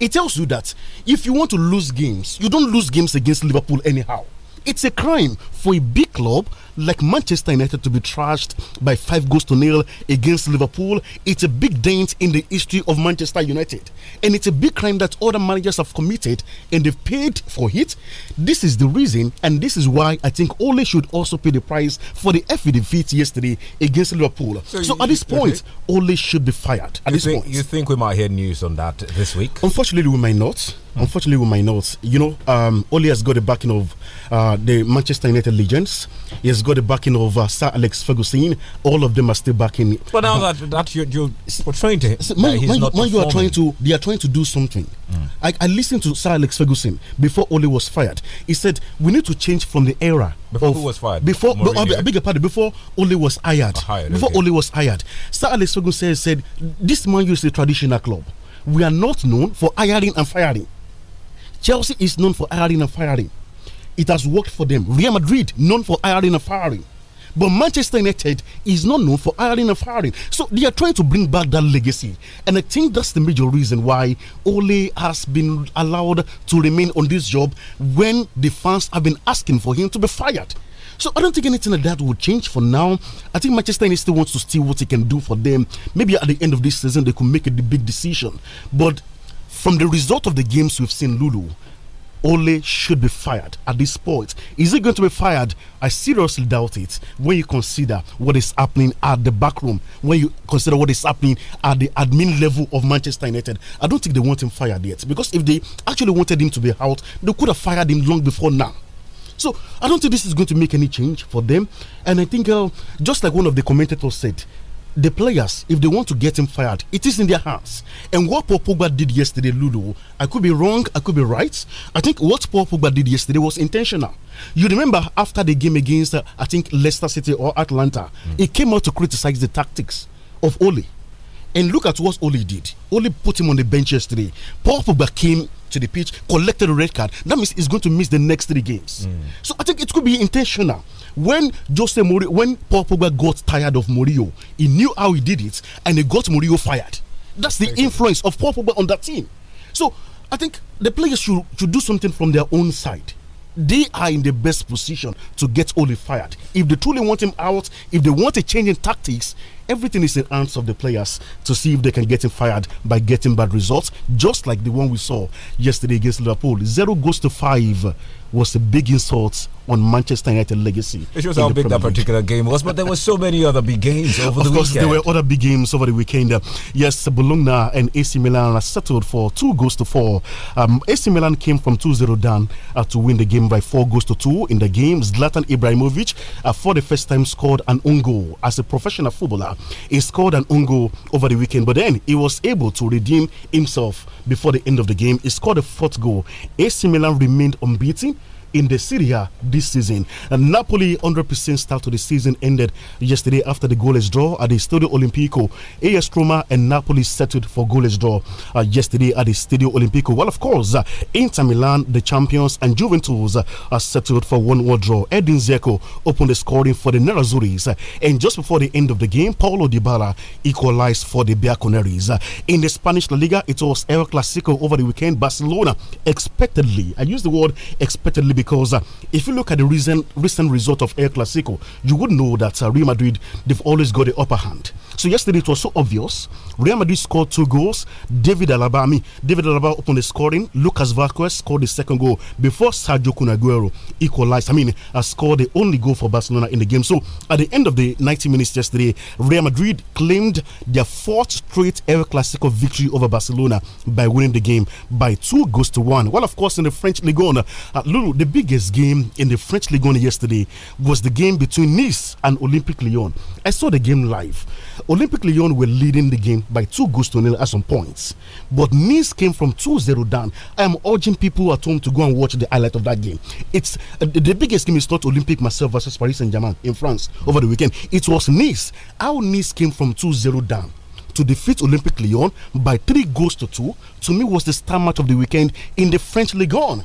It tells you that if you want to lose games, you don't lose games against Liverpool anyhow. It's a crime for a big club like Manchester United to be trashed by five goals to nil against Liverpool. It's a big dent in the history of Manchester United. And it's a big crime that other managers have committed and they've paid for it. This is the reason, and this is why I think Ole should also pay the price for the FA defeat yesterday against Liverpool. So, so you, at this point, okay. Ole should be fired. At you this think, point. You think we might hear news on that this week? Unfortunately, we might not. Unfortunately, with my notes, You know, um, Ole has got the backing of uh, the Manchester United legends. He has got the backing of uh, Sir Alex Ferguson. All of them are still backing. But now uh, that that you you're portraying to man, you are trying to they are trying to do something. Mm. I, I listened to Sir Alex Ferguson before Ole was fired. He said we need to change from the era before of, who was fired before. Mourinho. uh, Before Ole was hired. Oh, hired before okay. Ole was hired, Sir Alex Ferguson said, "This man used a traditional club. We are not known for hiring and firing." Chelsea is known for hiring and firing. It has worked for them. Real Madrid, known for hiring and firing. But Manchester United is not known for hiring and firing. So they are trying to bring back that legacy. And I think that's the major reason why Ole has been allowed to remain on this job when the fans have been asking for him to be fired. So I don't think anything like that will change for now. I think Manchester United still wants to see what he can do for them. Maybe at the end of this season they could make a big decision. But from the result of the games we've seen, Lulu, Ole should be fired at this point. Is he going to be fired? I seriously doubt it. When you consider what is happening at the back room, when you consider what is happening at the admin level of Manchester United, I don't think they want him fired yet. Because if they actually wanted him to be out, they could have fired him long before now. So I don't think this is going to make any change for them. And I think uh, just like one of the commentators said, the players, if they want to get him fired, it is in their hands. And what Paul Pogba did yesterday, Ludo, I could be wrong, I could be right. I think what Paul Pogba did yesterday was intentional. You remember after the game against, uh, I think, Leicester City or Atlanta, mm. came out to criticize the tactics of Ole. And look at what Ole did. Ole put him on the bench yesterday. Paul Pogba came to the pitch, collected a red card. That means he's going to miss the next three games. Mm. So I think it could be intentional. When Jose Mourinho, when Paul Pogba got tired of Mourinho, he knew how he did it, and he got Mourinho fired. That's the influence of Paul Pogba on that team. So I think the players should, should do something from their own side. They are in the best position to get Ole fired. If they truly want him out, if they want a change in tactics, everything is in hands of the players to see if they can get him fired by getting bad results, just like the one we saw yesterday against Liverpool. Zero goes to five was a big insult on Manchester United legacy. It was how big that particular game was, but there were so many other big games over of the course, weekend. There were other big games over the weekend. yes, Bologna and AC Milan are settled for two goals to four. Um, AC Milan came from 2-0 down uh, to win the game by four goals to two in the game. Zlatan Ibrahimovic, uh, for the first time, scored an own goal as a professional footballer. He scored an own goal over the weekend, but then he was able to redeem himself before the end of the game. He scored a fourth goal. AC Milan remained unbeaten in the Serie A this season. And Napoli 100% start to the season ended yesterday after the goalless draw at the Stadio Olimpico. AS Roma and Napoli settled for goalless draw uh, yesterday at the Stadio Olimpico. Well, of course, uh, Inter Milan, the champions, and Juventus uh, are settled for one-one draw. Edin Dzeko opened the scoring for the Nerazzurris, uh, and just before the end of the game, Paulo Dybala equalized for the Bianconeri. Uh, in the Spanish La Liga, it was El Clasico over the weekend. Barcelona expectedly, I use the word expectedly because because uh, if you look at the recent recent result of El Clasico, you would know that uh, Real Madrid they've always got the upper hand. So yesterday it was so obvious. Real Madrid scored two goals. David Alaba, I mean, David Alaba opened the scoring. Lucas Vazquez scored the second goal before Sergio Cunaguero equalized. I mean, uh, scored the only goal for Barcelona in the game. So at the end of the 90 minutes yesterday, Real Madrid claimed their fourth straight El Clasico victory over Barcelona by winning the game by two goals to one. Well, of course, in the French Ligue 1, uh, Lulu, the biggest game in the French Ligue 1 yesterday was the game between Nice and Olympic Lyon. I saw the game live. Olympic Lyon were leading the game by two goals to nil at some points, but Nice came from 2 0 down. I am urging people at home to go and watch the highlight of that game. It's uh, the biggest game is not Olympic Marseille versus Paris Saint Germain in France over the weekend. It was Nice. How Nice came from 2 0 down to defeat Olympic Lyon by three goals to two, to me was the star match of the weekend in the French Ligue 1.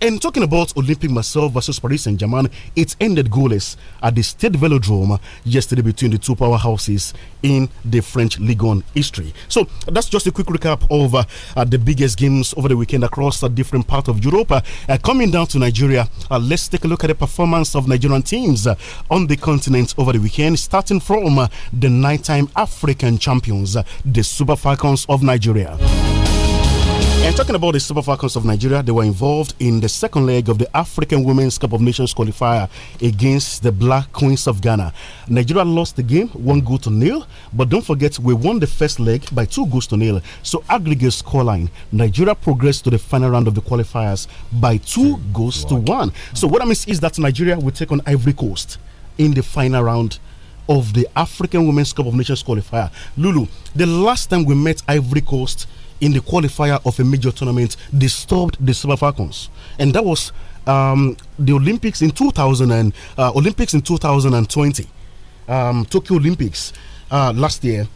And talking about Olympic Marseille versus Paris Saint Germain, it ended goalless at the State Velodrome yesterday between the two powerhouses in the French Ligue 1 history. So that's just a quick recap of uh, uh the biggest games over the weekend across a uh, different part of Europe. Uh, uh, coming down to Nigeria, uh, let's take a look at the performance of Nigerian teams on the continent over the weekend, starting from the nighttime African champions, the Super Falcons of Nigeria. And talking about the Super Falcons of Nigeria, they were involved in the second leg of the African Women's Cup of Nations qualifier against the Black Queens of Ghana. Nigeria lost the game one goal to nil, but don't forget we won the first leg by two goals to nil. So aggregate scoreline, Nigeria progressed to the final round of the qualifiers by two, two goals to one. So what I mean is that Nigeria will take on Ivory Coast in the final round of the African Women's Cup of Nations qualifier. Lulu, the last time we met Ivory Coast in the qualifier of a major tournament disturbed the Super Falcons. And that was um, the Olympics in 2000 and uh, Olympics in 2020, um, Tokyo Olympics uh, last year.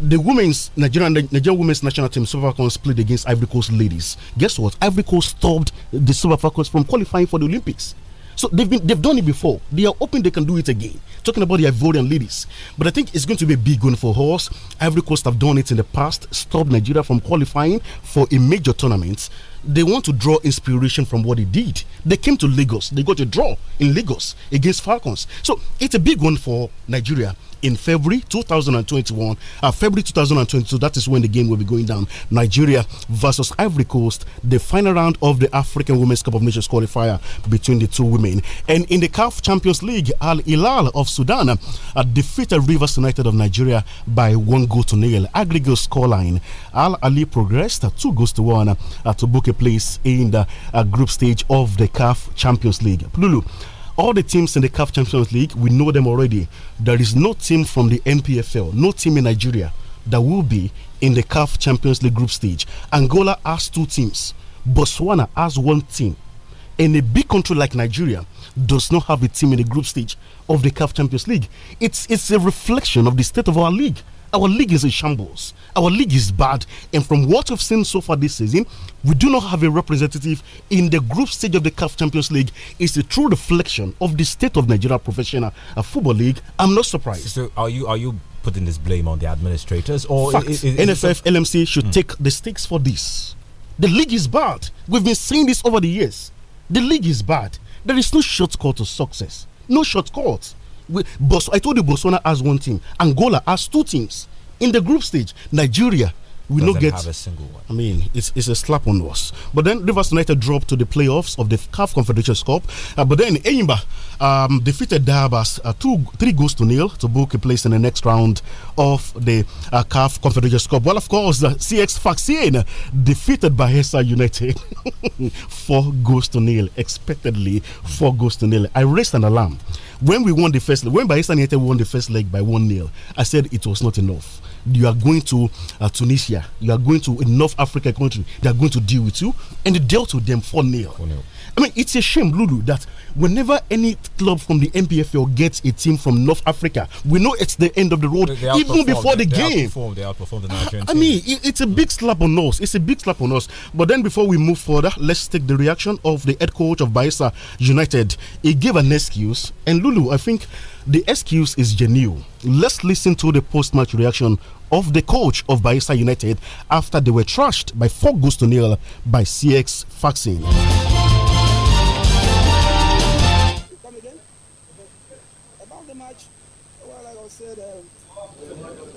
The women's Nigerian Nigerian women's national team Super Falcons played against Ivory Coast ladies. Guess what? Ivory Coast stopped the Super Falcons from qualifying for the Olympics. So they've been they've done it before. They are hoping they can do it again. Talking about the Ivorian ladies, but I think it's going to be a big one for us. Ivory Coast have done it in the past, stopped Nigeria from qualifying for a major tournament. They want to draw inspiration from what they did. They came to Lagos, they got a draw in Lagos against Falcons. So it's a big one for Nigeria in February 2021. Uh, February 2022, that is when the game will be going down. Nigeria versus Ivory Coast, the final round of the African Women's Cup of Nations qualifier between the two women. And in the CAF Champions League, Al Hilal of Sudan uh, defeated Rivers United of Nigeria by one goal to nil. Aggregate scoreline Al Ali progressed uh, two goals to one uh, to book a place in the uh, group stage of the CAF Champions League. Lulu. All the teams in the CAF Champions League, we know them already. There is no team from the NPFL, no team in Nigeria that will be in the CAF Champions League group stage. Angola has two teams, Botswana has one team. And a big country like Nigeria does not have a team in the group stage of the CAF Champions League. It's, it's a reflection of the state of our league. Our league is in shambles. Our league is bad. And from what we've seen so far this season, we do not have a representative in the group stage of the CAF Champions League. It's a true reflection of the state of Nigeria Professional uh, Football League. I'm not surprised. So are you are you putting this blame on the administrators or Fact, is, is, NFF LMC should hmm. take the stakes for this? The league is bad. We've been seeing this over the years. The league is bad. There is no shortcut to success. No shortcut. Bos I told you Botswana has one team, Angola has two teams in the group stage. Nigeria we don't get a single one. I mean, it's it's a slap on us. But then Rivers United dropped to the playoffs of the CAF Confederation Cup. Uh, but then Enyimba um, defeated Diabas uh, two three goals to nil to book a place in the next round of the uh, CAF Confederation Cup. Well, of course, uh, CX Faxien uh, defeated Bahesa United four goals to nil. Expectedly, four goals to nil. I raised an alarm when we won the first when Bahesa United won the first leg by one nil. I said it was not enough you are going to uh, Tunisia, you are going to a North African country, they are going to deal with you, and they dealt with them for nil. I mean, it's a shame, Lulu, that whenever any club from the NPFL gets a team from North Africa, we know it's the end of the road, they even before the they game. Outperform, they outperform the Nigerian I, mean, it, it's a big slap on us. It's a big slap on us. But then before we move further, let's take the reaction of the head coach of Baisa United. He gave an excuse, and Lulu, I think the excuse is genuine. Let's listen to the post-match reaction of the coach of Baisa United after they were trashed by four goals to nil by CX Faxing.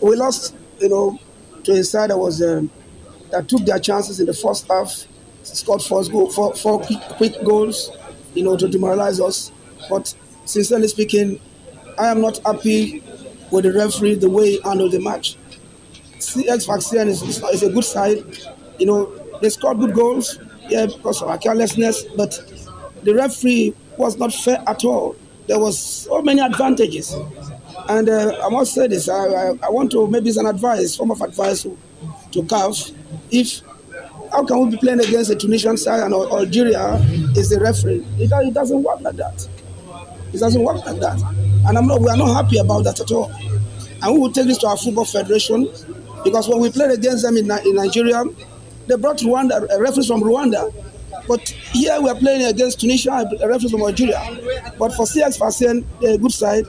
we lost, you know, to a side that was um, that took their chances in the first half, scored four, goal, four, four quick, quick goals, you know, to demoralize us. But sincerely speaking, I am not happy with the referee the way he handled the match. CX Vaccine is, is a good side, you know, they scored good goals, yeah, because of our carelessness, but the referee was not fair at all. There was so many advantages and uh, I must say this, I, I, want to, maybe it's an advice, form of advice to, to CAF. If, how can we be playing against the Tunisian side and Algeria is the referee? It, it doesn't work like that. It doesn't work like that. And I'm not, we are not happy about that at all. And we will take this to our football federation because when we played against them in, in Nigeria, they brought Rwanda, a referee from Rwanda but here we are playing against Tunisia, a referee from Algeria. But for CX Fasen, they're a good side,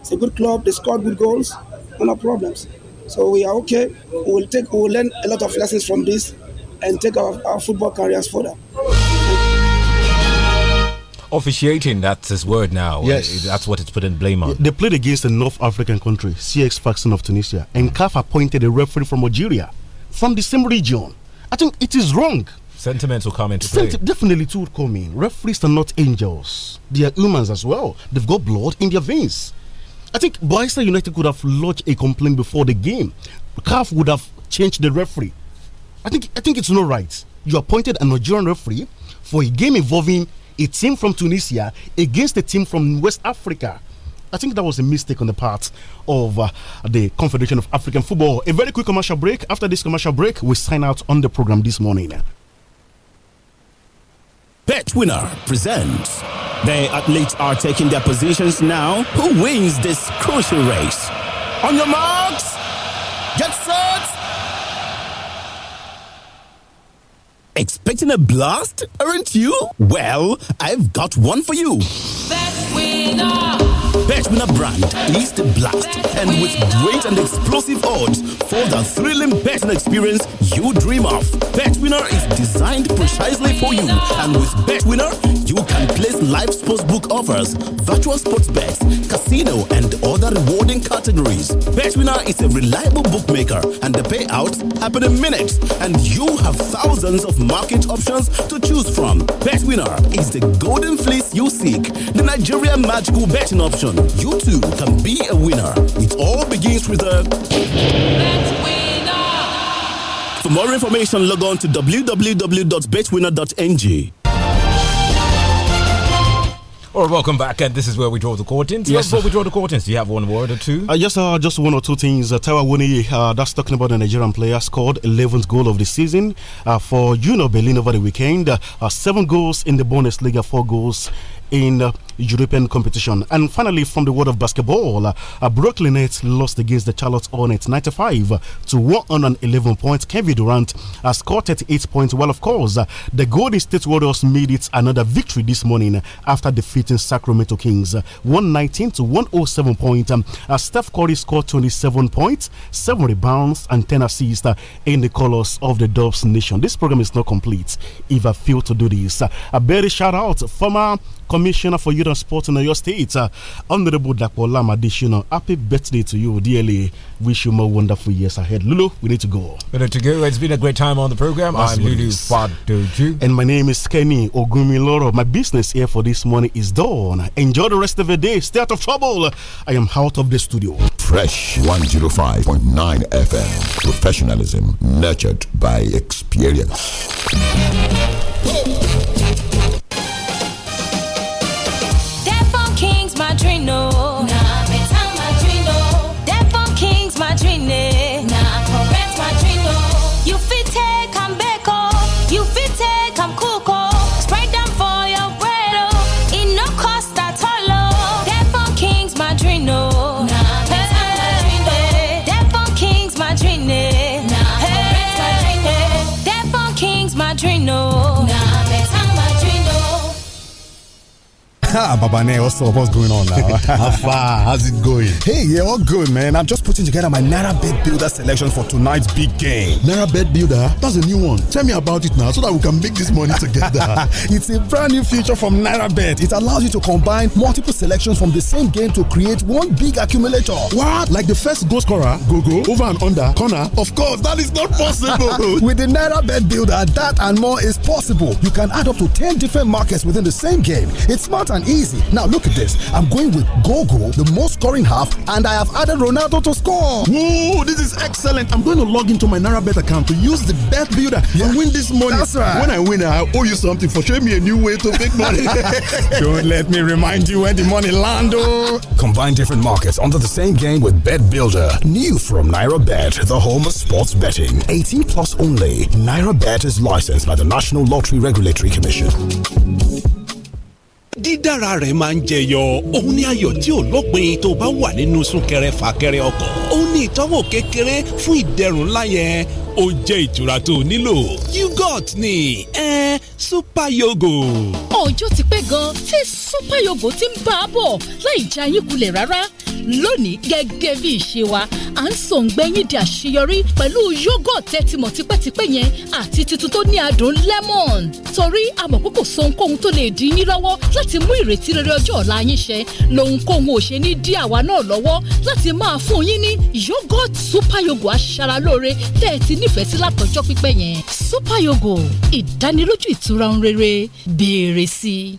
it's a good club, they scored good goals, no problems. So we are okay. We will take, we will learn a lot of lessons from this and take our, our football careers further officiating that's his word now yes that's what it's put in blame on they played against a north african country cx faction of tunisia and mm. caf appointed a referee from algeria from the same region i think it is wrong Sentiments will come into play. definitely, two would come in. Referees are not angels; they are humans as well. They've got blood in their veins. I think Boyster United could have lodged a complaint before the game. CAF would have changed the referee. I think I think it's not right. You appointed a Nigerian referee for a game involving a team from Tunisia against a team from West Africa. I think that was a mistake on the part of uh, the Confederation of African Football. A very quick commercial break. After this commercial break, we sign out on the program this morning. Bet Winner presents. The athletes are taking their positions now. Who wins this crucial race? On your marks, get set. Expecting a blast, aren't you? Well, I've got one for you. Bet Winner. Betwinner brand East Blast. And with great and explosive odds for the thrilling betting experience you dream of. Betwinner is designed precisely for you. And with Betwinner, you can place live sportsbook offers, virtual sports bets, casino, and other rewarding categories. Betwinner is a reliable bookmaker, and the payouts happen in minutes. And you have thousands of market options to choose from. Betwinner is the golden fleece you seek, the Nigerian magical betting option you too can be a winner. It all begins with a. Let's win! For more information, log on to www.betwinner.ng. All right, welcome back, and this is where we draw the curtains. Yes, before we draw the curtains, do you have one word or two? Uh, yes, uh, just one or two things. Uh, Tawa Wuni, uh, that's talking about the Nigerian player, scored 11th goal of the season uh, for Juno Berlin over the weekend. Uh, seven goals in the Bundesliga, four goals in uh, European competition. And finally, from the world of basketball, uh, Brooklyn Nets lost against the Charlotte Hornets 95 to 111 points. Kevin Durant uh, scored eight points. Well, of course, uh, the Golden State Warriors made it another victory this morning after defeating Sacramento Kings uh, 119 to 107 points. Um, uh, Steph Curry scored 27 points, 7 rebounds, and 10 assists uh, in the colors of the Dubs Nation. This program is not complete if I fail to do this. A very shout out former commissioner for you of Sports in your state. Uh, Honorable Dakwola Madishino, uh, happy birthday to you, dearly. Wish you more wonderful years ahead. Lulu, we need to go. We need to go. It's been a great time on the program. That's I'm Lulu Fadoju. And my name is Kenny Ogumiloro. My business here for this morning is done. Enjoy the rest of the day. Stay out of trouble. I am out of the studio. Fresh 105.9 FM. Professionalism nurtured by experience. Baba Ne, what's up? What's going on now? How far? How's it going? Hey, yeah, all good, man. I'm just putting together my Naira Bed Builder selection for tonight's big game. Naira Bed Builder? That's a new one. Tell me about it now so that we can make this money together. it's a brand new feature from Naira Bed. It allows you to combine multiple selections from the same game to create one big accumulator. What? Like the first goal scorer, go go, over and under, corner? Of course, that is not possible. With the Naira Bed Builder, that and more is possible. You can add up to 10 different markets within the same game. It's smart and easy. Now look at this. I'm going with Gogo, the most scoring half, and I have added Ronaldo to score. Whoa, this is excellent. I'm going to log into my NaraBet account to use the bet builder yeah. and win this money. That's right. When I win, I owe you something for showing me a new way to make money. Don't let me remind you where the money lando. Oh. Combine different markets under the same game with Bet Builder. New from NaraBet, the home of sports betting. 18 plus only. NaraBet is licensed by the National Lottery Regulatory Commission. dídára rẹ̀ máa ń jẹyọ òun ni ayọ̀ tí ò lópin tó bá wà nínú súnkẹrẹ fàkẹrẹ ọkọ̀ òun ni ìtọ́wò kékeré fún ìdẹ̀rùn ńlá ó jẹ́ ìtura tó nílò yugot ni eh, super yogo. ọjọ́ ti pẹ́ gan-an tí super yogo ti ń bá a bọ̀ láì jẹ́ àyíkulẹ̀ rárá lónìí gẹ́gẹ́ bí ìṣe wa à ń sòǹgbẹ́yìn di àṣeyọrí pẹ̀lú yogurt ẹ ti mọ̀ tipẹ́tipẹ́ yẹn àti tuntun tó ní adùn lemon torí àmọ̀pọ̀ kò so ohunkóhun tó lè dín yín lọ́wọ́ láti mú ìrètí rere ọjọ́ ọ̀la yín ṣẹ lohunkóhun ò ṣe ní dí àwa náà lọ́wọ́ láti máa fún yín ní yogurt super yogo aṣaralóore tẹ́ ẹ ti nífẹ̀ẹ́ sí látọjọ́ pípẹ́ yẹn super yogo ìdánilójú ìtura ń rere béèrè sí i.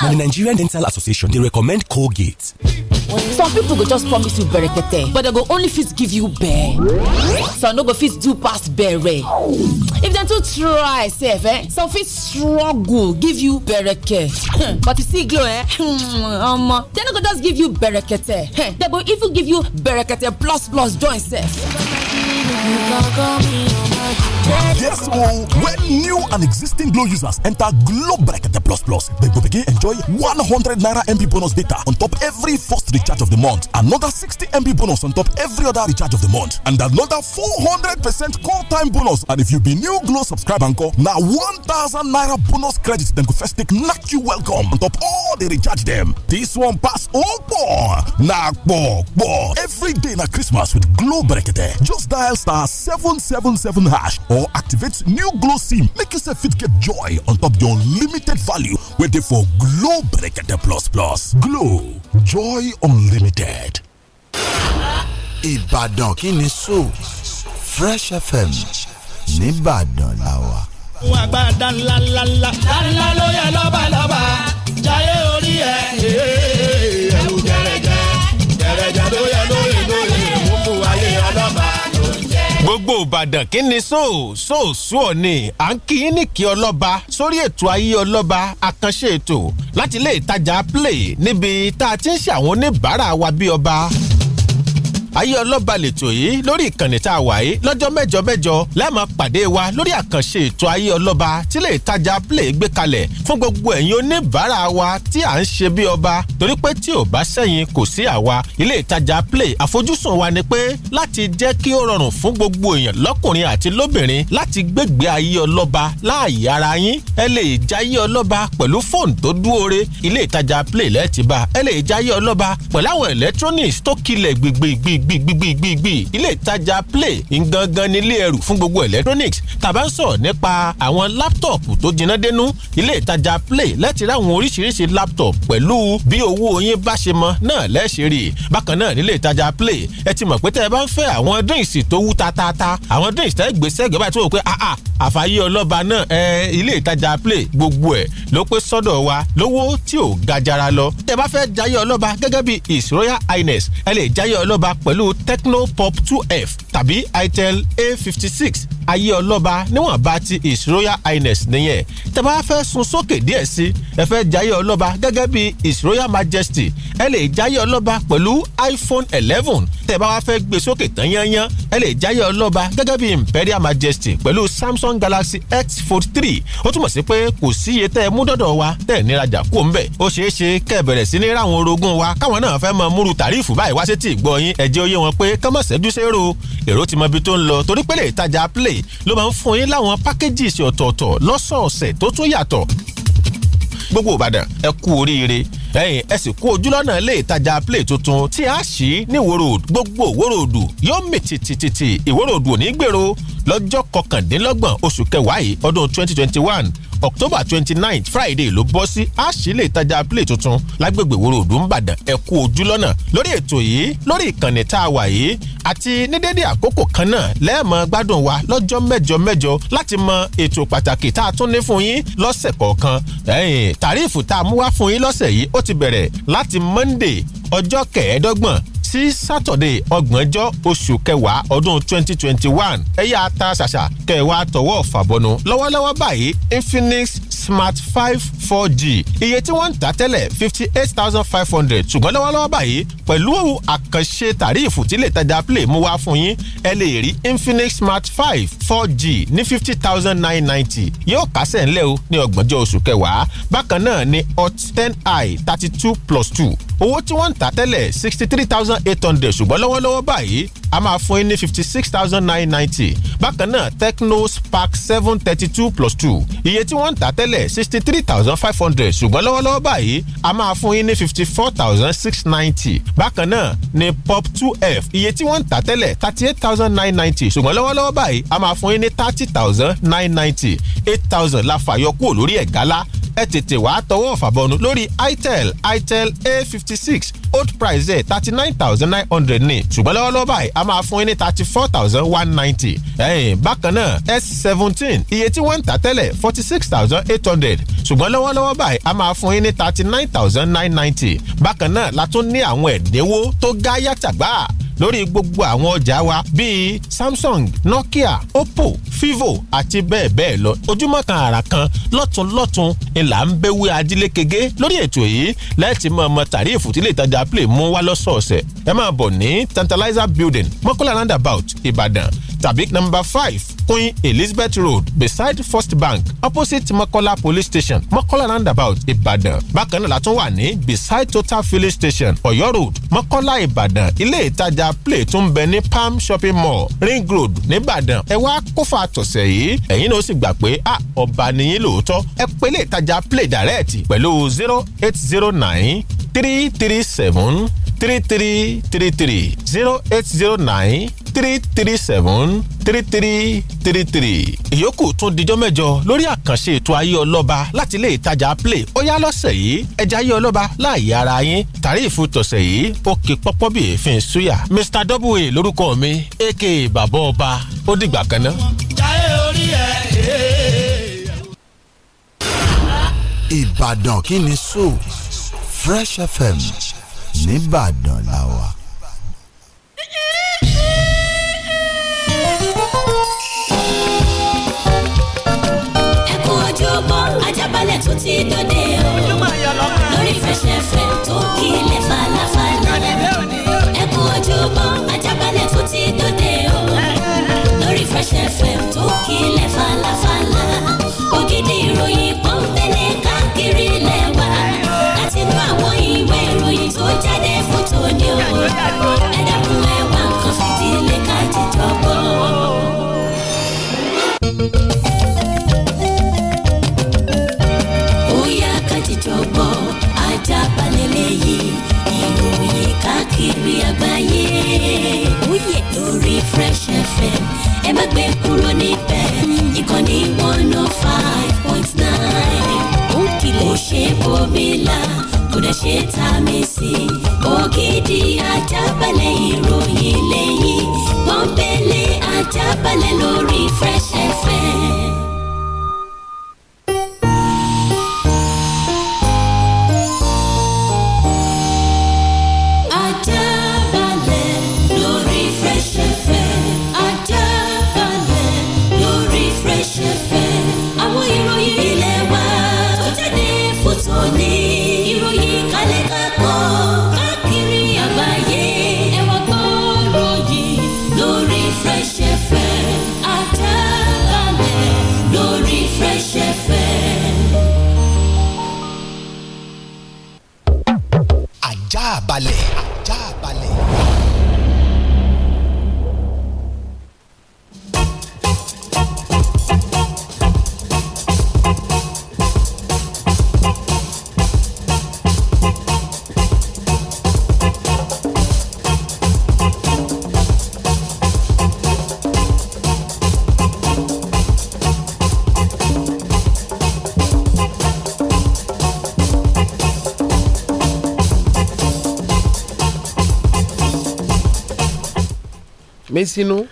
Now, the Nigerian Dental Association, they recommend Colgate. Some people go just promise you berekete, but they go only fit give you bear. Some no go fit do pass bere. If they too try safe, eh, some fit struggle give you bereke. Hmm, but you see glow eh, hmm, omo, they no go just give you berekete, hmm, dem go even give you berekete plus plus join sef. Yes, oh, when new and existing Glow users enter Glow Bracket Plus Plus, they will begin enjoy 100 Naira MB bonus data on top every first recharge of the month, another 60 MB bonus on top every other recharge of the month, and another 400% call time bonus. And if you be new Glow subscriber encore, now 1000 Naira bonus credit. then go first take knock you welcome on top all the recharge them. This one pass all Now, four, four. Every day na Christmas with Glow Bracket. Just dial star 777 cash or activate new Glow SIM make yourself fit get joy on top your unlimited value wey for Glow Berekete Plus Plus. Glow Joy Unlimited. Ìbàdàn kí ni so Fresh FM nìbàdàn làwà. Wàgbà dá ńlá ńlá ńlá. Dá ńlá ló yẹ lọ́ba lọ́ba. Jayé o. gbogbo ìbàdàn kí ni so so so ni à ń kí í ní kí ọlọ́ba sórí ètò ayé ọlọ́ba àkànṣe ètò láti ilé ìtajà play níbi tá a ti ń ṣe àwọn oníbàárà wa bí ọba ayé ọlọ́ba lètò yìí lórí ìkànnì tá a wà yìí lọ́jọ́ mẹ́jọ mẹ́jọ la máa pàdé wa lórí àkànṣe ètò ayé ọlọ́ba tí lè tajà play gbé kalẹ̀ fún gbogbo ẹ̀yin oníbàárà wa tí à ń ṣe bí ọba torí pé tí ò bá sẹ́yìn kò sí àwa ilé ìtajà play àfojúsùn wa ni pé láti jẹ́ kí ó rọrùn fún gbogbo èèyàn lọ́kùnrin àti lóbìnrin láti gbégbé ayé ọlọ́ba láàyè ara yín ẹ lè jayé ọlọ́ba pẹ̀lú fóònù tó dúóore ilé ìtajà play lẹ́ẹ̀tì bá ẹ lè jayé ọlọ́ba pẹ̀láwọn electronics tó kilẹ̀ gbìgbìgbì gbìgbìgbìgbìgbì ilé ìtajà play ngangan nílé ẹrù fún gbogbo electronics tàbá ń sọ̀rọ̀ nípa àwọn láptọ̀pù tó jiná dénú ilé ìtajà play láti ráwọn oríṣiríṣi láptọ̀pù pẹ̀lú bí owó yín bá ṣe mọ náà lẹ́ẹ̀ṣẹ̀ rí bákan náà nílé ìtajà play ẹ ti mọ̀ pé tẹ́ ẹ bá ń fẹ́ àwọn drinks tó wú tatata àwọn drinks tẹ́ gbèsè ìjọba tó wò pé àfàyè ọlọ́ba náà ẹ ilé ìtajà play gbogbo ẹ̀ ló pé sọ́dọ̀ wa lówó tí ò gajara lọ tẹ́ bá fẹ́ jayé ọlọ́ba gẹ́gẹ́ bí his royal highness ẹ lè jayé ọlọ́ba p pẹ̀lú Tecno Pop 2F tàbí Itel A56 ayé ọlọ́ba níwọ̀n bá ti his royal highness nìyẹn tẹ́ bá fẹ́ sun sókè díẹ̀ sí ẹ fẹ́ jayé ọlọ́ba gẹ́gẹ́ bí his royal majesty ẹ lè jayé ọlọ́ba pẹ̀lú iphone eleven tẹ́ bá wá fẹ́ gbé e sókè tán yányán ẹ lè jayé ọlọ́ba gẹ́gẹ́ bí imperial majesty pẹ̀lú samsung galaxy x fold three ó túmọ̀ sí pé kò sí iye tẹ́ ẹ mú dọ́dọ̀ wa tẹ́ ẹ nírajà kó ń bẹ̀ ó ṣeé ṣe kẹ́ ẹ bẹ̀rẹ̀ sí ní ráwọn orogún wa káwọn náà fẹ́ mọ múru tàríìfù báyìí wá sétí ìgbọ́ yín ẹ jẹ́ ó wọn pé kọ́mọ̀sẹ́jú sẹ́rò èrò ti mọ ibi tó ń lọ torí pé lè tajà play Stanbic ló máa ń fún yín láwọn packages ọ̀tọ̀ọ̀tọ̀ lọ́sọ̀ọ̀sẹ̀ tó tún yàtọ̀ gbogbo Ìbàdàn ẹ kú oríire ẹ̀yìn ẹ sì kú ojúlọ́nà ilé ìtajà play tuntun tí a ṣí ní ìwó road gbogbo ìwó road yóò mì tìtìtìtì ìwó road ò ní gbèrò lọ́jọ́ kọkàndínlọ́gbọ̀n oṣù kẹwàá yìí ọdún twenty twenty one october twenty nine friday ló bọ́ sí àṣì ilé ìtajà play tuntun lágbègbè ìwòrò òdù ńbàdàn ẹ kú ojú lọ́nà lórí ètò yìí lórí ìkànnì tá a wà yìí àti ní dédé àkókò kan náà lẹ́ẹ̀mọ gbádùn wa lọ́jọ́ mẹ́jọ mẹ́jọ láti mọ ètò pàtàkì tá a tún ní fún yín lọ́sẹ̀ kọ̀ọ̀kan tàríìfù tá a mú wá fún yín lọ́sẹ̀ yìí ó ti bẹ̀rẹ̀ láti Monday ọjọ́ kẹẹ̀ẹ́dọ́gbọ̀n sí sátọ̀dẹ̀ ọgbọ̀njọ́ oṣù kẹwàá ọdún twenty twenty one ẹ̀yà ta ṣàṣà kẹwàá tọwọ́ fàbọ̀nù lọ́wọ́lọ́wọ́ báyìí infinix smart five four g iye tí wọ́n ń ta tẹ́lẹ̀ fifty eight thousand five hundred ṣùgbọ́n lọ́wọ́lọ́wọ́ báyìí pẹ̀lú àkànṣe tàríìfù tí lè tajà play mú wá fún yín ẹ lè rí infinix smart five four g ní fifty thousand nine ninety yóò kásẹ̀ ńlẹ̀ o ní ọgbọ̀njọ́ oṣù kẹwàá bákan náà ni hot ten i thirty two plus two owó tí wọ́n ń tà tẹ́lẹ̀ sixty three thousand eight hundred ṣùgbọ́n lọ́wọ́lọ́wọ́ báyìí a máa fún yín ní fifty six thousand nine ninety bákan náà Tecno Spark seven thirty two plus two iye tí wọ́n ń tà tẹ́lẹ̀ sixty three thousand five hundred ṣùgbọ́n lọ́wọ́lọ́wọ́ báyìí a máa fún yín ní fifty four thousand six ninety bákan náà ni Pop two F iye tí wọ́n ń tà tẹ́lẹ̀ thirty eight thousand nine ninety ṣùgbọ́n lọ́wọ́lọ́wọ́ báyìí a máa fún yín ní thirty thousand nine ninety eight thousand la fàyọkúrò lórí ẹ̀ gálá ẹ tètè wàá tọwọ́ ọ̀fàbọnu lórí itel itel a fifty sixty six old price ẹ̀ thirty nine thousand nine hundred ni ṣùgbọ́n lọ́wọ́lọ́wọ́ báyìí a máa fún yín ní thirty four thousand one ninety bákan náà s seventeen iye tí wọ́n ń tà tẹ́lẹ̀ forty six thousand eight hundred ṣùgbọ́n lọ́wọ́lọ́wọ́ báyìí a máa fún yín ní thirty nine thousand nine ninety bákan náà la tún ní àwọn ẹ̀dínwó tó gá yàtàgbà lórí gbogbo àwọn ọjà wa bíi Samsung Nokia Oppo Vivo àti bẹ́ẹ̀ bẹ́ẹ̀ lọ ojúmọ́ kan àrà kan lọ́tún lọ́tún ìlà ń bẹ́wé ajílékege lórí ètò yìí lẹ́ẹ̀tì mọ̀ ọmọ tàríìfù tí ilé ìtajà Play mú wá lọ́sọ̀ọ̀sẹ̀ ẹ máa bọ̀ ní Tantalizer Building mọ́kànlá roundabout Ìbàdàn tàbí nọ́mbà five Queen Elizabeth Road beside First Bank opposite Mọ́kọ́lá police station Mọ́kọ́lá roundabout Ìbàdàn bákan náà la tún wà ní beside Total filling station Ọ̀yọ́ Road Mọ́kọ́lá Ìbàdàn ilé ìtajà Play tún bẹ ní Palm Shopping Mall Ring Road nìbàdàn ẹ wá kófà tọ̀sẹ̀ yìí ẹ̀yin náà sì gbà pé a ọba nìyí lóòótọ́ ẹ pé ilé ìtajà Play direct pẹ̀lú zero eight zero nine three three seven. 3333 0809 337 3333. ìyókù tún dijọ́ mẹ́jọ lórí àkànṣe ètò ayé ọlọ́ba láti ilé ìtajà play ó yá lọ́sẹ̀ yìí ẹja ayé ọlọ́ba láàyè ara yín tàríìfù tọ̀sẹ̀ yìí ó ké pọ́pọ́ bí èéfín suya mr double lórúkọ mi aka bàbá ọba ó dìgbà kan ná. ìbàdàn kí ni so fresh fm nìbàdàn la wà. ẹkún ojúbọ ajábalẹ̀ tó ti dòde o lórí fẹsẹ̀fẹ̀ tó kílẹ̀ falafala ẹkún ojúbọ ajábalẹ̀ tó ti dòde o lórí fẹsẹ̀fẹ̀ tó kílẹ̀ falafala. sínú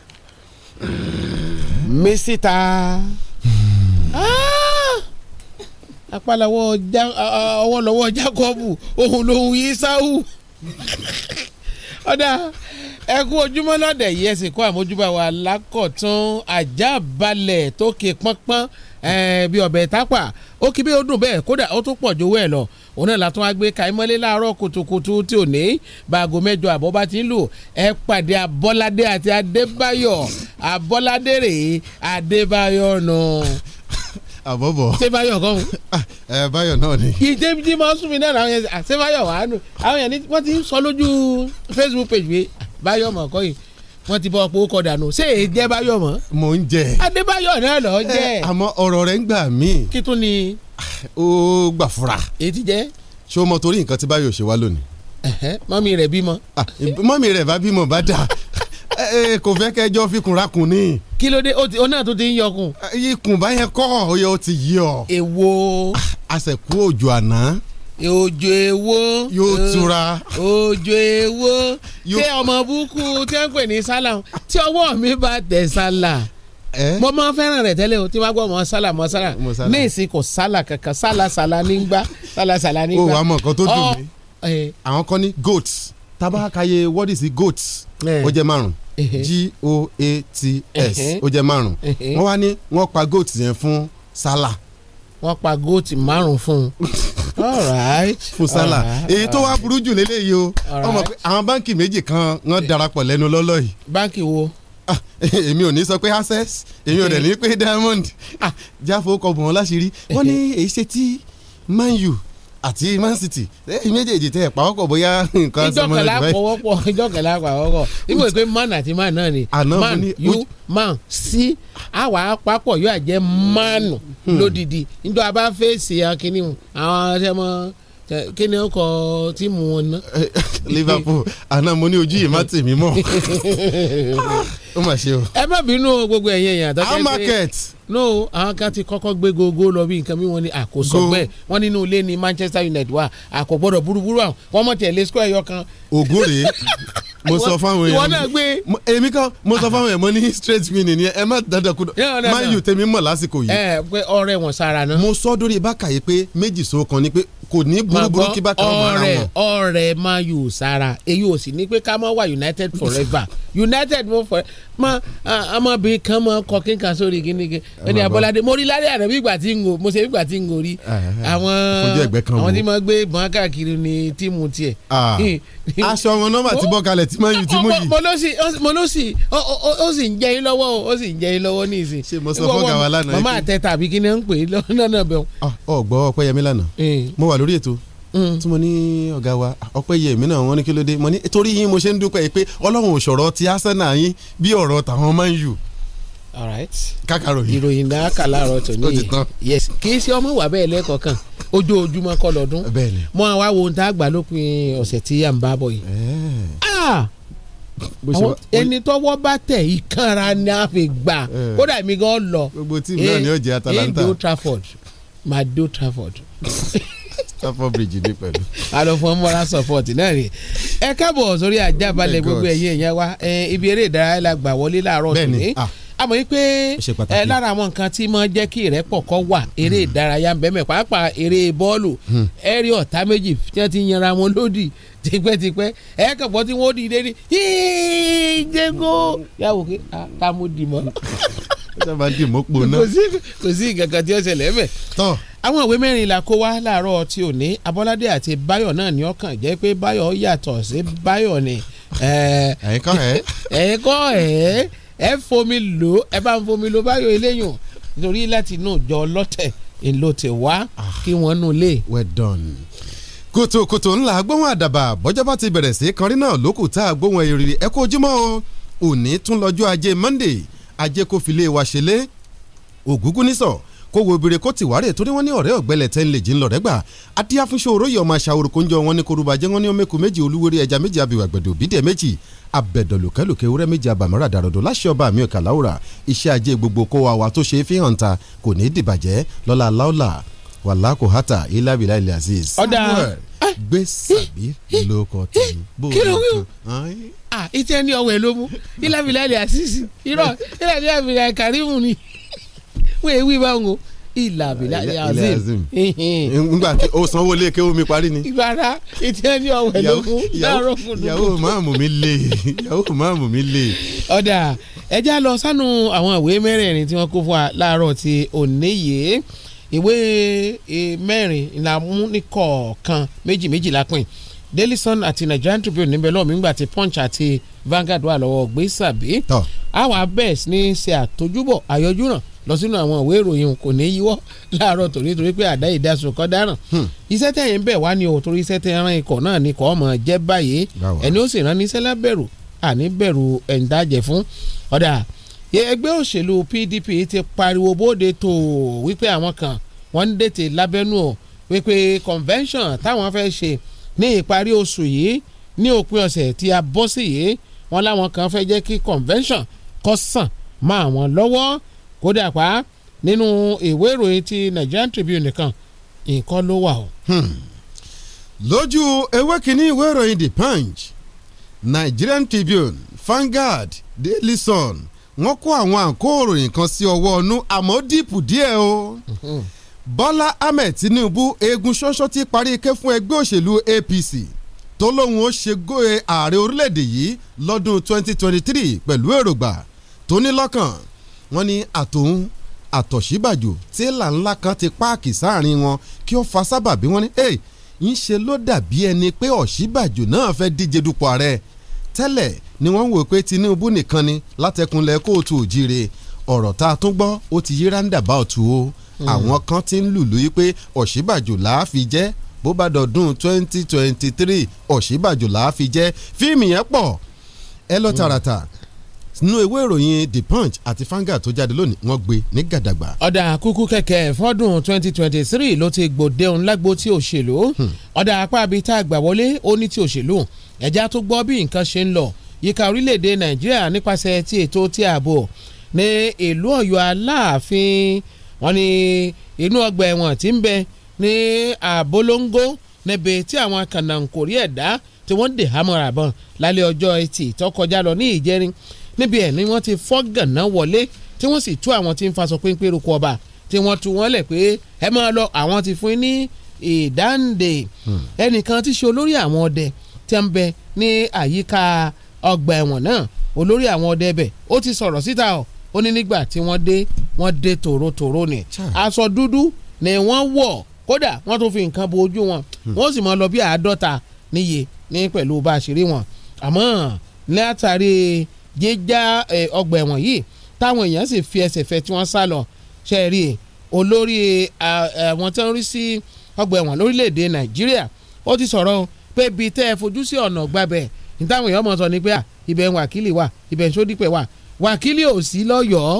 mí síta ah! apálawọ ọwọ́ lọ́wọ́ Jákọ́bù òun lòun Ísáù ọ̀dà ẹ kú ojúmọ́ lọ́dẹ̀ yìí ẹ̀sìn kó àmójúbà wà lákọ̀tún àjábalẹ̀ tó ké pọ́npọ́n bí ọbẹ̀ tápà ó kí bí ó dùn bẹ́ẹ̀ kódà ó tún pọ̀ ju owó ẹ̀ lọ òun náà látún wá gbé kaimọ́lé láàárọ̀ kùtùkùtù tí ò ní baago mẹ́jọ àbọ̀ bá ti ń lò ẹ pàdé abọ́ládé àti adébáyọ̀ abọ́ládé rèé adébáyọ̀ nù. àbọ̀bọ̀ ṣé báyọ̀ ah, ẹ báyọ̀ náà ni. ìjẹ́ bí mo sún mi náà àwọn yẹn ah, ṣé báyọ̀ wà á nù àwọn yẹn wọ́n ti ń sọ lójú Facebook page mi báyọ̀ mọ̀ kọ́ wọ́n ti bọ́ ọ̀pọ̀ ó kọ dànù ṣé èyí jẹ́ báyọ̀ mọ́. mò ń jẹ. adébáyọ̀ náà lọ jẹ. Eh, àmọ́ ọ̀rọ̀ rẹ̀ ń gbà mí. kí tún ni. ó gbà fura. èyí ti jẹ́. ṣé o mọ torí nǹkan tí báyọ̀ ṣe wá lónìí. mọ́mí rẹ̀ bímọ. Ah, mọ́mí rẹ̀ bá bímọ bá dà eh, eh, kò fẹ́ kẹjọ́ fikùn rakùn ni. kí ló dé o náà tó ti ń yọkùn. ikùn báyẹn kọ́ ọ̀yọ́ ti yí ọ. èwo. àṣẹkù ah, òjò àná òjò èwo yóò eh, tura òjò èwo ṣé ọmọ búkú tẹ́ǹpẹ̀ ní sálà tí ọwọ́ mi bá tẹ̀ sálà mo máa fẹ́ràn rẹ̀ tẹ́lẹ̀ o tí wọ́n gbọ́ mọ sálà mọ sálà ní ìsìn kò sálà kankan sálà sálà ní gbá sálà sálà ní gbá. o oh, wa mọ nǹkan tó dùn mí àwọn kan ní goats tabakaye wọ́ọ̀dì sí goats ó jẹ́ márùn g o g-o-a-t-s ó jẹ́ márùn-ún wọ́n wá ní wọ́n pa goats yẹn fún sálà. wọ́n pa goats márùn fún un fusala èyí tó wá burú jù lélẹ́yìí o ọmọ pé àwọn báǹkì méjì kan wọ́n eh. darapọ̀ lẹ́nu lọ́lọ́ yìí. báǹkì wo. Ah, èmi ò ní sọ pé access èmi ò dẹ̀ eh. ní pé diamond ah, jáfo kọ bùn wọn láṣìírí wọ́n eh. ní èyí ṣe tí man u àti Man City ẹ̀yìn méjèèjì tẹ̀ pàwọ́pọ̀ bóyá nǹkan sọmọ rẹ báyìí. ìjọkẹ̀lá pàwọ́pọ̀ ìjọkẹ̀lá pàwọ́pọ̀ ibo ìpè man àti man náà ni man you man sí àwa àpapọ̀ yóò àjẹ́ manu hmm. lódìdí nítorí a bá fèsì akínní àwọn ọ̀sẹ̀ mọ́ kí ni ọkọ̀ tíìmù wọn ná. Liverpool àná mo ní ojú yìí má tì mí mọ́ ó mà ṣe o. ẹ má bínú gbogbo ẹ̀yìn ẹ̀yìn àtọ́jú ẹ̀ market. no àwọn kan ti kọ́kọ́ gbé gogo lọ bí nǹkan mi wọ́n ní àkóso bẹ́ẹ̀ wọ́n nínú ilé ní Manchester United wà àkọ́gbọ́dọ̀ burúburú àwọn wọ́n mọ̀ tẹ̀lé square yọ kan. rèé mo sọ fáwọn èèyàn ìwọ náà gbé èmi kan mo sọ fáwọn èèyàn mo ní straight meaning yẹn ẹ má dandan kú má yù tèmi mọ̀ lásìkò yìí. ẹ pé ọ̀rẹ́ wọn sára náà. mo sọ dórí bákà yìí pé méjì so kan ni pé kò ní burúburú kí bákà ọmọ ara wọn. ọ̀rẹ́ má yù sára èyí ò sì ní pé ká má wà united forever united mo forever mọ ọmọbìnrin kan mọ ọkọ kínkan sórí gínígí ẹni Abọ́ládé mo rí lálẹ́ àná bí ìgbà tí ń gò mo ṣe bí ìgbà tí ń gò rí àwọn àwọn tí mo gbé ìbọn káàkiri ní tíìmù tiẹ̀. aṣọ wọn nọ́mbà ti bọ́ kalẹ̀ tí mo yù tí mo yì. mo ló sì ó sì ń jẹ yín lọ́wọ́ ó sì ń jẹ yín lọ́wọ́ ní ìsìn. ṣé mo sọ fọ́gà wa lánàá. màmá àtẹ tàbí kí ni ó ń pè é lọ́nà bẹ́ẹ̀. Ah, ọ̀gbọ́ ọ̀pẹ́yẹmí lánàá eh. mo wà lórí ètò Mm. tí mo ní ọ̀gá wa ọpẹ́ yẹ èmi náà wọ́n ní kí ló dé mo ní torí yín mo ṣe ń dúpẹ́ pé ọlọ́run ò sọ̀rọ̀ ti Arsenal yín bí ọ̀rọ̀ tàwọn Man U. kákàrò yìí ìròyìn náà láàárọ̀ tó ní yẹs kì í ọmọ wà bẹ́ẹ̀ lẹ́ẹ̀kọ̀ kan ojoojúmọ́ kọ́ lọ́dún mọ́ àwa wo ohun tá lópin ọ̀sẹ̀ tí à ń bá bọ̀ yìí eh. ah! ẹni tọ́wọ́ bá tẹ̀ ìkanra ni a fi gbà eh. kódà mi gan lọ gbogbo tíìmù náà ni ó jẹ eh, Atalanta sọfọ bíríjì ní pẹ̀lú. àlòfò mọ́ra sọ̀pọ̀tì náà rè é káàbọ̀ sórí àjábálẹ̀ oh gbogbo ẹ̀yìn ẹ̀yà wa ibi eré ìdárayá la gbà wọlé láàárọ̀ tòní àmọ́ yìí pé ẹ lára àwọn nǹkan tí mo jẹ́ kí ìrẹ́pọ̀ kó wà eré hmm. ìdárayá ń pàápàá eré bọ́ọ̀lù hmm. ẹ rí ọ̀tá méjì tí wọ́n ti yanra wọn lódì tipẹ́tipẹ́ ẹ kàpọ̀ tí wọ́n dìde ní yíyí jẹ́gó yàwó kí ah, tamudimọ́. sábà dì mọ́pò náà. kò sí ìkankan tí ó ṣẹlẹ̀ mẹ́. tọ́ àwọn ìwé mẹ́rin la kó wá láàárọ̀ tí ò ní Abọ́ládé àti Báyọ̀ náà ní ọkàn jẹ́ pé Báyọ̀ yàtọ̀ sí Báyọ̀ ni. ẹ̀yin kọ́ ẹ̀. ẹ̀yin kọ́ ẹ̀ ẹ̀ fomi lò ẹ̀ bá ń fomi lò Báyọ̀ eléyùn nítorí láti inú ìjọ ọlọ́tẹ̀ èlò ti wá ah. kí wọ́n nù lé. well done kùtùkùtù ńlá gbóhùn àdàbà bọ́jọ́ bá ti bẹ̀rẹ̀ sí kọrin náà lókùtà gbóhùn èrè ẹ̀kọ́ ojúmọ́ òní tún lọ́jọ́ ajé Monday ajé kó fi lé wa ṣe lé ògúngún nísọ̀ kó wo obìnrin kó tìwárè torí wọ́n ní ọ̀rẹ́ ọ̀gbẹ́lẹ̀ tẹ́ ń lè jí ń lọ rẹ́gbà adíyá fún ṣòro yọ̀ máa ṣàwòrò kó ń jọ wọn ní korúba jẹ́ wọn ní omeku méjì olúwere ẹja méjì abìwà gbẹ̀dọ̀ bídẹ̀ méjì abẹ̀dọ̀ lòkẹ́lòkẹ́ méjì abàmọ́ra dàrọ̀dọ̀ láṣẹ ọba àmì ọ̀kà láwùrà iṣẹ́ ajé gbogbo kó wa wa tó ṣe é fi hàn ta kò ní dìbàjẹ́ lọ́la láòlà wàlá kò hátà ilá bìlá ilẹ̀ aziz. ọ̀dà gbèsè lóko tèmi bó ah ìtẹ́ ní ọwọ́ ẹ̀ ló mú ìlàbílẹ̀ àlẹ́ àṣìṣì irọ́ ìlàbílẹ̀ àbílẹ̀ kàrímù ni wọ́n èwì bá ń wo ìlàbílẹ̀ àlẹ́ azim. nígbà tí o sanwó lé kéwọ́ mi ni. ìbára ìtẹ́ ní ọwọ́ ẹ̀ ló mú láàárọ̀ fún mi. ìyàwó máàmù mi lè ìyàwó máàmù mi lè. ọ̀dà ẹja lọ sánú àwọn ìwé mẹ́rẹ̀ẹ̀rin tí wọ́n kó fún wa láàárọ̀ ti òní yìí ìwé e, mẹ́rin la méjì méjì la Daily Sun àti Nigerian Tribune níbẹ̀ lọ́wọ́ mi ń gbà tí Punch àti Vanguard wà lọ́wọ́ gbé sàbí. àwọn abẹ́ẹ̀s ní ṣe àtọ́júbọ̀ àyọjúràn lọ sínú àwọn ìwé ìròyìn kò ní yíwọ́ láàárọ̀ tòní torí pé àdá ìdásùn kan dáràn. Hmm. iṣẹ́ tẹ̀yìn bẹ̀ wá ní o iṣẹ́ tẹ̀ ran ikọ̀ ni kò mọ̀ jẹ́ báyìí ẹni ó sì rán níṣẹ́ lábẹ̀rù àní PDP ti pariwo bóde tó wípé àwọn kan wọ́n ń dètè lábẹ́nú o wípé convention táwọn fẹ́ ṣe ní ìparí oṣù yìí ní òpin ọ̀sẹ̀ tí a bọ́ sí yìí wọ́n láwọn kan fẹ́ jẹ́ kí convention kó sàn mọ́ àwọn lọ́wọ́ kódà pa nínú ìwé ìròyìn ti Nigerian Tribune nìkan nǹkan ló wà o. Hmm. lójú ewé kínní ìwé ìròyìn The Punch Nigerian Tribune Vanguard Daily Sun wọ́n kó àwọn àǹkó òròyìn kan sí ọwọ́ ọ̀nù àmọ́ dìpù díẹ̀ o. Hmm. Bọ́lá Ahmed Tinubu eegun ṣoṣo ti parí ike fún ẹgbẹ́ òṣèlú APC tó lóun ó ṣe góye ààrẹ orílẹ̀-èdè yìí lọ́dún 2023 pẹ̀lú èrògbà tó ní lọ́kàn wọn ni àtòun àtọ̀síbàjò tẹ́là ńlá kan ti páàkì sáàrin wọn kí ó fa sábà bí wọ́n ní ẹ̀ ń ṣe ló dàbí ẹni pé ọ̀síbàjò náà fẹ́ díje dupò ààrẹ tẹ́lẹ̀ ni wọ́n ń wò pé Tinubu nìkan ni látẹkùnlẹ̀ kóòtù òjire Hmm. àwọn kan ti ń lùlù yí pé Ọ̀ṣínbàjò làá fi jẹ́ bó bá dọ̀dún twenty twenty three Ọ̀ṣínbàjò làá jẹ́ fíìmù yẹn pọ̀ ẹ lọ hmm. tààràtà nínú ìwé ìròyìn the punch àti fanga tó jáde lónìí wọ́n gbé ní gàdàgbà. ọ̀dà kúkú kẹ̀kẹ́ fọ́dún twenty twenty three ló ti gbòde òun lágbo tí òṣèlú hmm. ọ̀dà apá abí tá a gbà wọlé ó ní ti òṣèlú ẹ̀já tó gbọ́ bí nǹkan ṣe ń lọ yíká orílẹ̀-èdè nàìjíríà nípasẹ̀ ti ètò ti ààbò ní ìlú ọ̀yọ́ aláàfin wọ́n ní inú ọgbà ẹ̀wọ̀n tí ń bẹ ní àbólóńgó níbi tí àwọn kànáńkórí ẹ̀dá tí wọ́n dè hámọ́ra bọ́n lálẹ́ ọjọ́ etí tó kọjá lọ ní ìjẹrin níbi ẹ̀ ni wọ́n ti fọ́ gànà wọlé tí wọ́n sì tú àwọn tí ń faṣọ péńpé roko ọba tí wọ́n tú wọ́n lẹ̀ pé ẹ máa lọ àwọn ti fún ní ìdáǹdè hmm. ẹnìkan tí ṣe olórí àwọn ọdẹ tí ń bẹ ní àyíká ọgbà ẹ̀wọ̀n náà olórí àwọn ọdẹ bẹ̀ ó ti sọ̀rọ̀ síta ọ̀ ó ní nígbà tí wọ́n dé wọ́n dé tòrótòró ni aṣọ dúdú ni wọ́n wọ̀ kódà wọ́n tún fi nǹkan bo ojú wọn hmm. wọ́n sì mọ lọ bí àádọ́ta níye ní pẹ̀lú bá a ṣe rí wọn àmọ́ látàrí jíjá ọgbà ẹ̀wọ̀n yìí táwọn èèyàn sì fi ẹsẹ̀ fẹ́ tí wọ́n sá lọ ṣe rí olórí àwọn tí wọ́n rí sí ọgbà ẹ̀wọ̀n lórílẹ̀‐èdè nàìjíríà ó ti sọ̀rọ̀ pé bíi tẹ́ ẹ fojú sí ọ̀nà gbàbẹ̀ ní táwọn èèyàn mọ̀ sọ ni pé ibẹ̀ ń wákìlì wà ibẹ̀ ń sódìpẹ̀ wà wákìlì ò sí lọ́yọ̀ọ́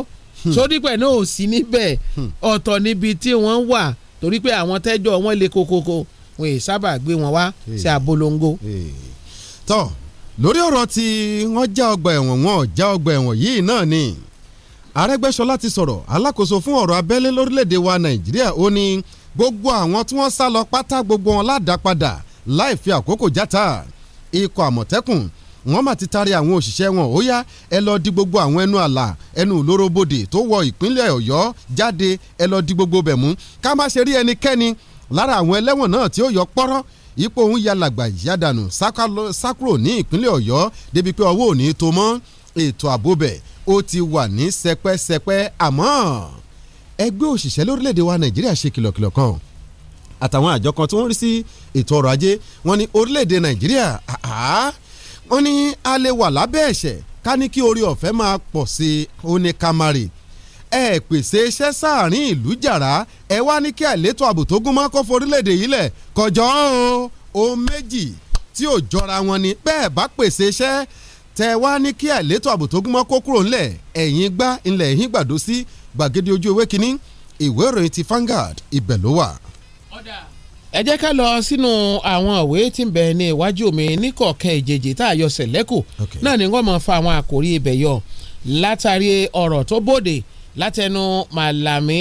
hmm. sódípẹ̀ náà ò sí níbẹ̀ hmm. ọ̀tọ̀ níbi tí wọ́n wà torí pé àwọn tẹ́jọ́ wọn le kokoko wọn èyí sábà gbé wọn wá sí abolongo. tọ́ lórí ọ̀rọ̀ tí wọ́n já ọgbà ẹ̀wọ̀n wọn já ọgbà ẹ̀wọ̀n yìí náà ni Arẹ́gbẹ́ṣọlá ti sọ̀rọ̀ alákòóso fún ọ̀rọ̀ abẹ́lé lórílẹ̀‐èdè wa Nàìjíríà ó ní gbogbo àwọn tí wọ́n sá lọ pátá gbogbo wọn ládàá padà láì fi àkókò játa ikọ̀ Àmọ̀tẹ́kùn wọ́n mà ti taari àwọn òṣìṣẹ́ wọn ó yá ẹ lọ di gbogbo àwọn ẹnu àlà ẹnu olórobodè tó wọ ìpínlẹ̀ Ọ̀yọ́ jáde ẹ lọ di gbogbo bẹ̀ mú ká má ṣe rí ẹnikẹ́ni lára àwọn ẹlẹ́wọ̀n náà tí ó yọ pọ́rọ́ ipò òun ya làgbà yádànù sákúrò ní ìpínlẹ̀ Ọ̀yọ́ débi pé ọwọ́ òní tó mọ́ ètò àbóbẹ̀ ó ti wà ní sẹpẹ́sẹpẹ́ àmọ́ ẹgbẹ́ òṣìṣẹ́ lórílẹ̀‐èdè wa Nàìjíríà ṣe kìlọ̀kìlọ̀ kan àtàwọn àjọ kan tí wọ́n rí sí ètò ọrọ̀ ajé wọ́n ní orílẹ̀‐èdè Nàìjíríà àá ó ní a lè wà lábẹ́ ẹ̀ṣẹ̀ ká ní kí orí ọ̀fẹ́ máa pọ̀ sí i ó ní kamari ẹ pèsè iṣẹ́ sáàrin ìlú jàrá ẹ wá ní kí àìletò ààbò tó gún mọ́ kó forílẹ̀-èdè yìí lẹ̀ kọjọ́ o ohun méjì tí ò jọra wọn ni bẹ́ẹ̀ bá pèsè iṣẹ́ tẹ wá ní kí àìletò ààbò tó gún mọ́ kúrò ńlẹ̀ ẹ̀yìn gbá ńlẹ̀ ẹ̀yìn gbàdó sí gbàgede ojú ewé kínní ìwé ìròyìn ti Vanguard ibẹ̀ ló wà. ọ̀dà ẹ jẹ́ ká lọ sínú àwọn òwe tí ń bẹ ní iwájú mi níkọ̀ọ̀kan ìjèjì tá a yọ sẹ̀lẹ́kù náà ni wọ́n mọ̀ fa àwọn àkòrí ibẹ̀ yọ látàrí ọ̀rọ̀ tó bòde látẹnu Màlàmí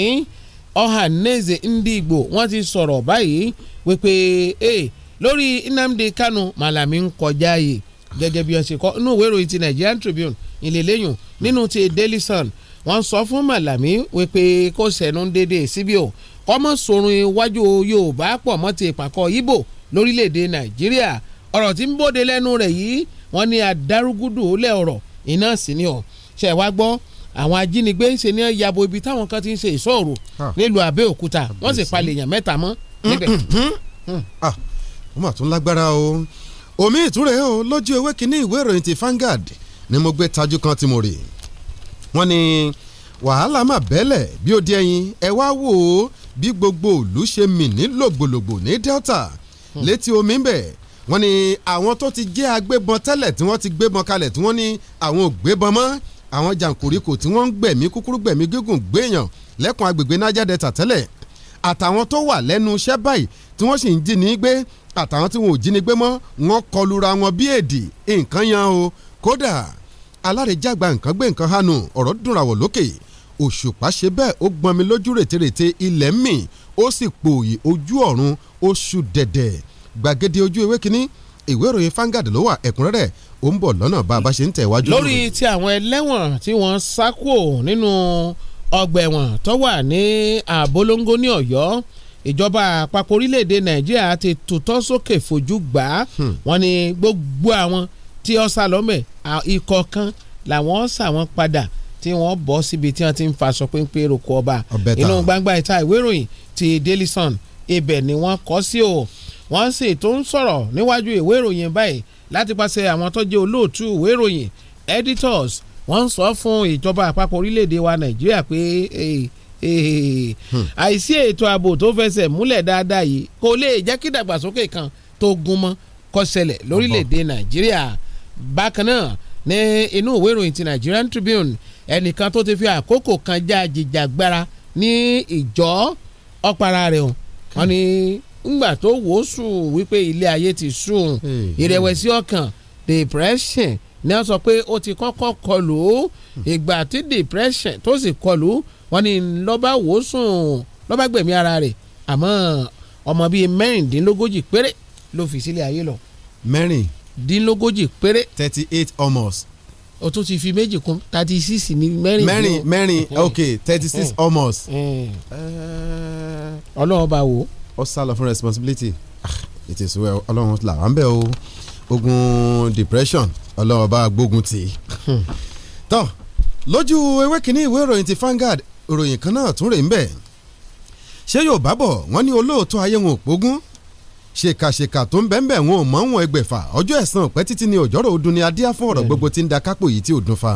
Ọ̀hánẹ́zẹ̀ Ndigbo wọ́n ti sọ̀rọ̀ báyìí wípé ee lórí Nnamdi Kanu Màlàmí ń kọjá yìí gẹ́gẹ́ bí wọ́n ṣe kọ́ inú ìwé ìròyìn ti Nigerian Tribune ìlélẹ́yìn nínú ti Daily Sun wọ́n sọ fún Màlàmí wípé kó sẹ́nu déédéé síbí o kọ́mọ́ sorun iwájú Yorùbá pọ̀ mọ́ ti ìpàkọ́ Ìgbò lórílẹ̀‐èdè Nàìjíríà ọ̀rọ̀ tí ń bóde lẹ́nu rẹ̀ yìí wọ́n ní adarúgúdù olè ọ̀rọ̀ iná sí ni ọ̀ ṣe wá gbọ́ àwọn ajínigbé ṣe ní yabo ibi táwọn kan ti ń ṣe ìṣòro nílùú Abẹ́òkúta wọ́n sì palẹ̀ èèyàn mẹ́ta mọ́ níbẹ̀. Hmm. Ah, ó mà tún lágbára o omi ìtúre o lójú ewé kínní ìwé ìròyìn ti Vanguard ni mo gbé tajú kan tí mo rè wọ́n ní wàhálà mà bẹ́lẹ̀ bí ó di ẹyin ẹ wá wò ó bí gbogbo òlú ṣe mì ní lògbòlògbò ní Delta hmm. létí omi ń bẹ̀ wọ́n ní àwọn tó ti jẹ́ agbébọn tẹ́lẹ̀ tí wọ́n ti gbébọn kalẹ̀ tí wọ́n ní àwọn ò gbébọn mọ́ àwọn jàǹkóríkò tí wọ́n ń gbẹ̀mí kúkúrú gbẹ̀mí gígùn gbéyàn lẹ́kùn agbègbè Niger Delta tẹ́lẹ̀ àtàwọn tó wà lẹ́nu iṣẹ́ báyìí tí wọ́n sì ń jí ní gbé àtàwọn tí wọn ò jí ní gbé mọ́ wọ́n kọlura wọn bí èdè nǹkan yan o kódà alárèjàgbà nǹkan gbé nǹkan hànú ọ̀rọ̀ dùnràwọ̀ lókè òṣùpá ṣe bẹ́ẹ̀ ó gbọ́n mi lójú rètérètè ilẹ̀ mì ó sì pòòyì ojú ọ̀run ó ṣú dẹ̀dẹ̀ gbàgede ojú ewé kínní ìwé ìròyìn fangad ló wà ẹ̀kúnrẹ́rẹ́ ó ń bọ̀ lọ́nà bá a bá ṣe ń tẹ̀ wájú. lórí ti àwọn ẹlẹ́wọ̀n tí wọ́n sá kúò nínú ọgbà tó wà ní àbólóńgó ní ọ̀yọ́ ìjọba àpapọ̀ orílẹ̀-èdè nàìjíríà ti tutọ́ sókè fojú gbà á hmm. wọ́n ní gbogbo àwọn tí ó sá lọ́mẹ̀ ìkọ̀ọ̀kan làwọn sá wọn padà tí wọ́n bọ́ síbi tí wọ́n ti ń faṣọ péńpé roko ọba inú gbangba ìta ìwé ìròyìn ti Daily Sun ibẹ̀ ni wọ́n kọ́ sí o wọ́n sì tó ń sọ̀rọ̀ níwájú ìwé ìròyìn báyìí láti pàṣẹ àwọn tó jẹ́ olóòtú ìwé ìròyìn editors wọ́n ń sọ fún ìjọba àpapọ̀ orílẹ̀-èdè wa Nàìjíríà pé hmm. àìsí ètò ààbò tó fẹsẹ̀ múlẹ̀ dáadáa yìí kò lè jẹ́ kí ìdàgbàsókè kan tó gúnmọ́ kó ṣẹlẹ̀ lórílẹ̀-èdè Nàìjíríà bákan náà ní inú ìwé ìròyìn ti Nigerian Tribune ẹnìkan tó ti fi àkókò kan já jìjàgbara ní ìjọ ọ̀para rẹ̀ hàn wọ́n ní ngbà tó wò ó sùn wípé ilé ayé ti sùn hmm. ìrẹ̀wẹ̀sì ọkàn depression ni wọ́n sọ pé ó ti kọ́kọ́ kọlù hmm. ìgbà tí depression tó sì kọlù wọ́n ní lọ́ba wò ó sùn lọ́ba gbẹ̀mí ara rẹ̀ àmọ́ ọmọ bíi mẹ́rìndínlógójì péré ló fi sílé ayé lọ. mẹ́rìndínlógójì péré. thirty eight almost o tún ti fi méjì kún thirty six ní mẹ́rin. mẹ́rin mẹ́rin ok thirty six almost. Eh. ọlọ́run bá wo. ó sálọ fún responsibility ah, it is well ọlọ́run là wá ń bẹ̀ o ogun depression ọlọ́run bá gbógun tì í. Hmm. tọ́ lójú ewé kínní ìwé ìròyìn ti Vanguard ìròyìn kan náà tún rè ń bẹ̀ ṣé yóò bá bọ̀ wọ́n ní olóòótọ́ ayé wọn ò pógún ṣèkàṣèkà tó ń bẹ́ẹ̀ wọn ò mọ̀ wọn ẹgbẹ̀fà ọjọ́ ẹ̀san ọ̀pẹ́ títí ni òjọ́rò ọdún ni adíá fún ọ̀rọ̀ gbogbo tí ń da kápò yìí tí ò dún fa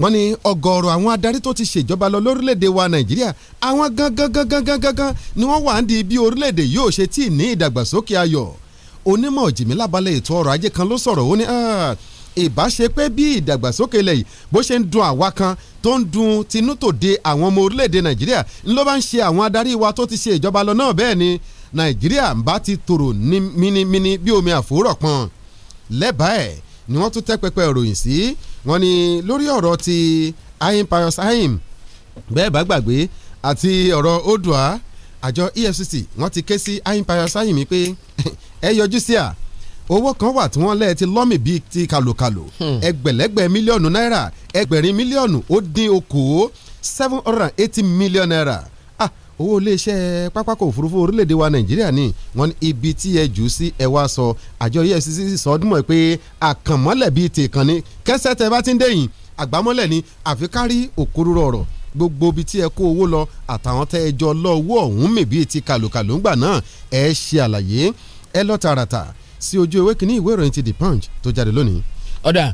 wọ́n ní ọ̀gọ̀ọ̀rọ̀ àwọn adarí tó ti ṣèjọba lọ lórílẹ̀‐èdè wa nàìjíríà àwọn gangan ni wọ́n wà ń di bí orílẹ̀‐èdè yóò ṣe tí ì ní ìdàgbàsókè ayọ̀ onímọ̀ jìmílábalẹ̀ ètò ọrọ̀ ajé kan ló sọ̀rọ̀ ó ní ìbá ṣe pé bí ìdàgbàsókè ilẹ̀ yìí bó ṣe ń dun àwa kan tó ń dun tinú àwọn ọmọ orílẹ̀‐èdè nàìjíríà ńlọ bá ń ṣe àwọn adarí wa tó ti ṣe ìjọba lọ náà bẹ́ẹ̀ ni nàìjíríà ń bá ti tòrò ní mímímí bí omi àfòrọ̀ pọ̀n lẹ́bàá ẹ̀ ni wọ́n tún tẹ́ pẹpẹ ìròyìn sí wọ́n ní lórí ọ̀rọ̀ ti ayim pius ayim bẹ́ẹ̀ bá gbàgbé àti ọ̀rọ̀ odua àjọ EFCC wọ́n ti ké sí ayim pius ayim pé ẹ yọjú sí à owó kan wà tí wọ́n lẹ́ẹ̀ ti lọ́mì bíi ti kàlòkàlò hmm. ẹgbẹ̀lẹ́gbẹ̀ mílíọ̀nù náírà ẹgbẹ̀rin mílíọ̀nù ó dín okòó seven hundred and eighty million naira owó iléeṣẹ́ pápákọ̀ òfurufú orílẹ̀‐èdè wa nàìjíríà ni wọ́n ní ibi tí ẹ jù sí ẹ wá sọ àjọ EFCC sọ ọdún mọ̀ pé àkànmọ́lẹ̀ bíi tèèkàn ni kẹsẹ̀ tẹ bá ti ń dẹ̀yìn àgbámọ́lẹ̀ ni àfi kárí òkúrúrọ̀ ọ̀rọ̀ gbogbo ibi tí ẹ kó owó lọ àtàwọn tẹ ẹ jọ lọ owó ọ̀hún mì bíi ti kàlùkàlù ńgbà náà ẹ ṣe àlàyé ẹ lọ tààràtà sí ojú ewé kínní ìwé ìròyìn ti The Punch tó jáde lónìí. ọ̀dà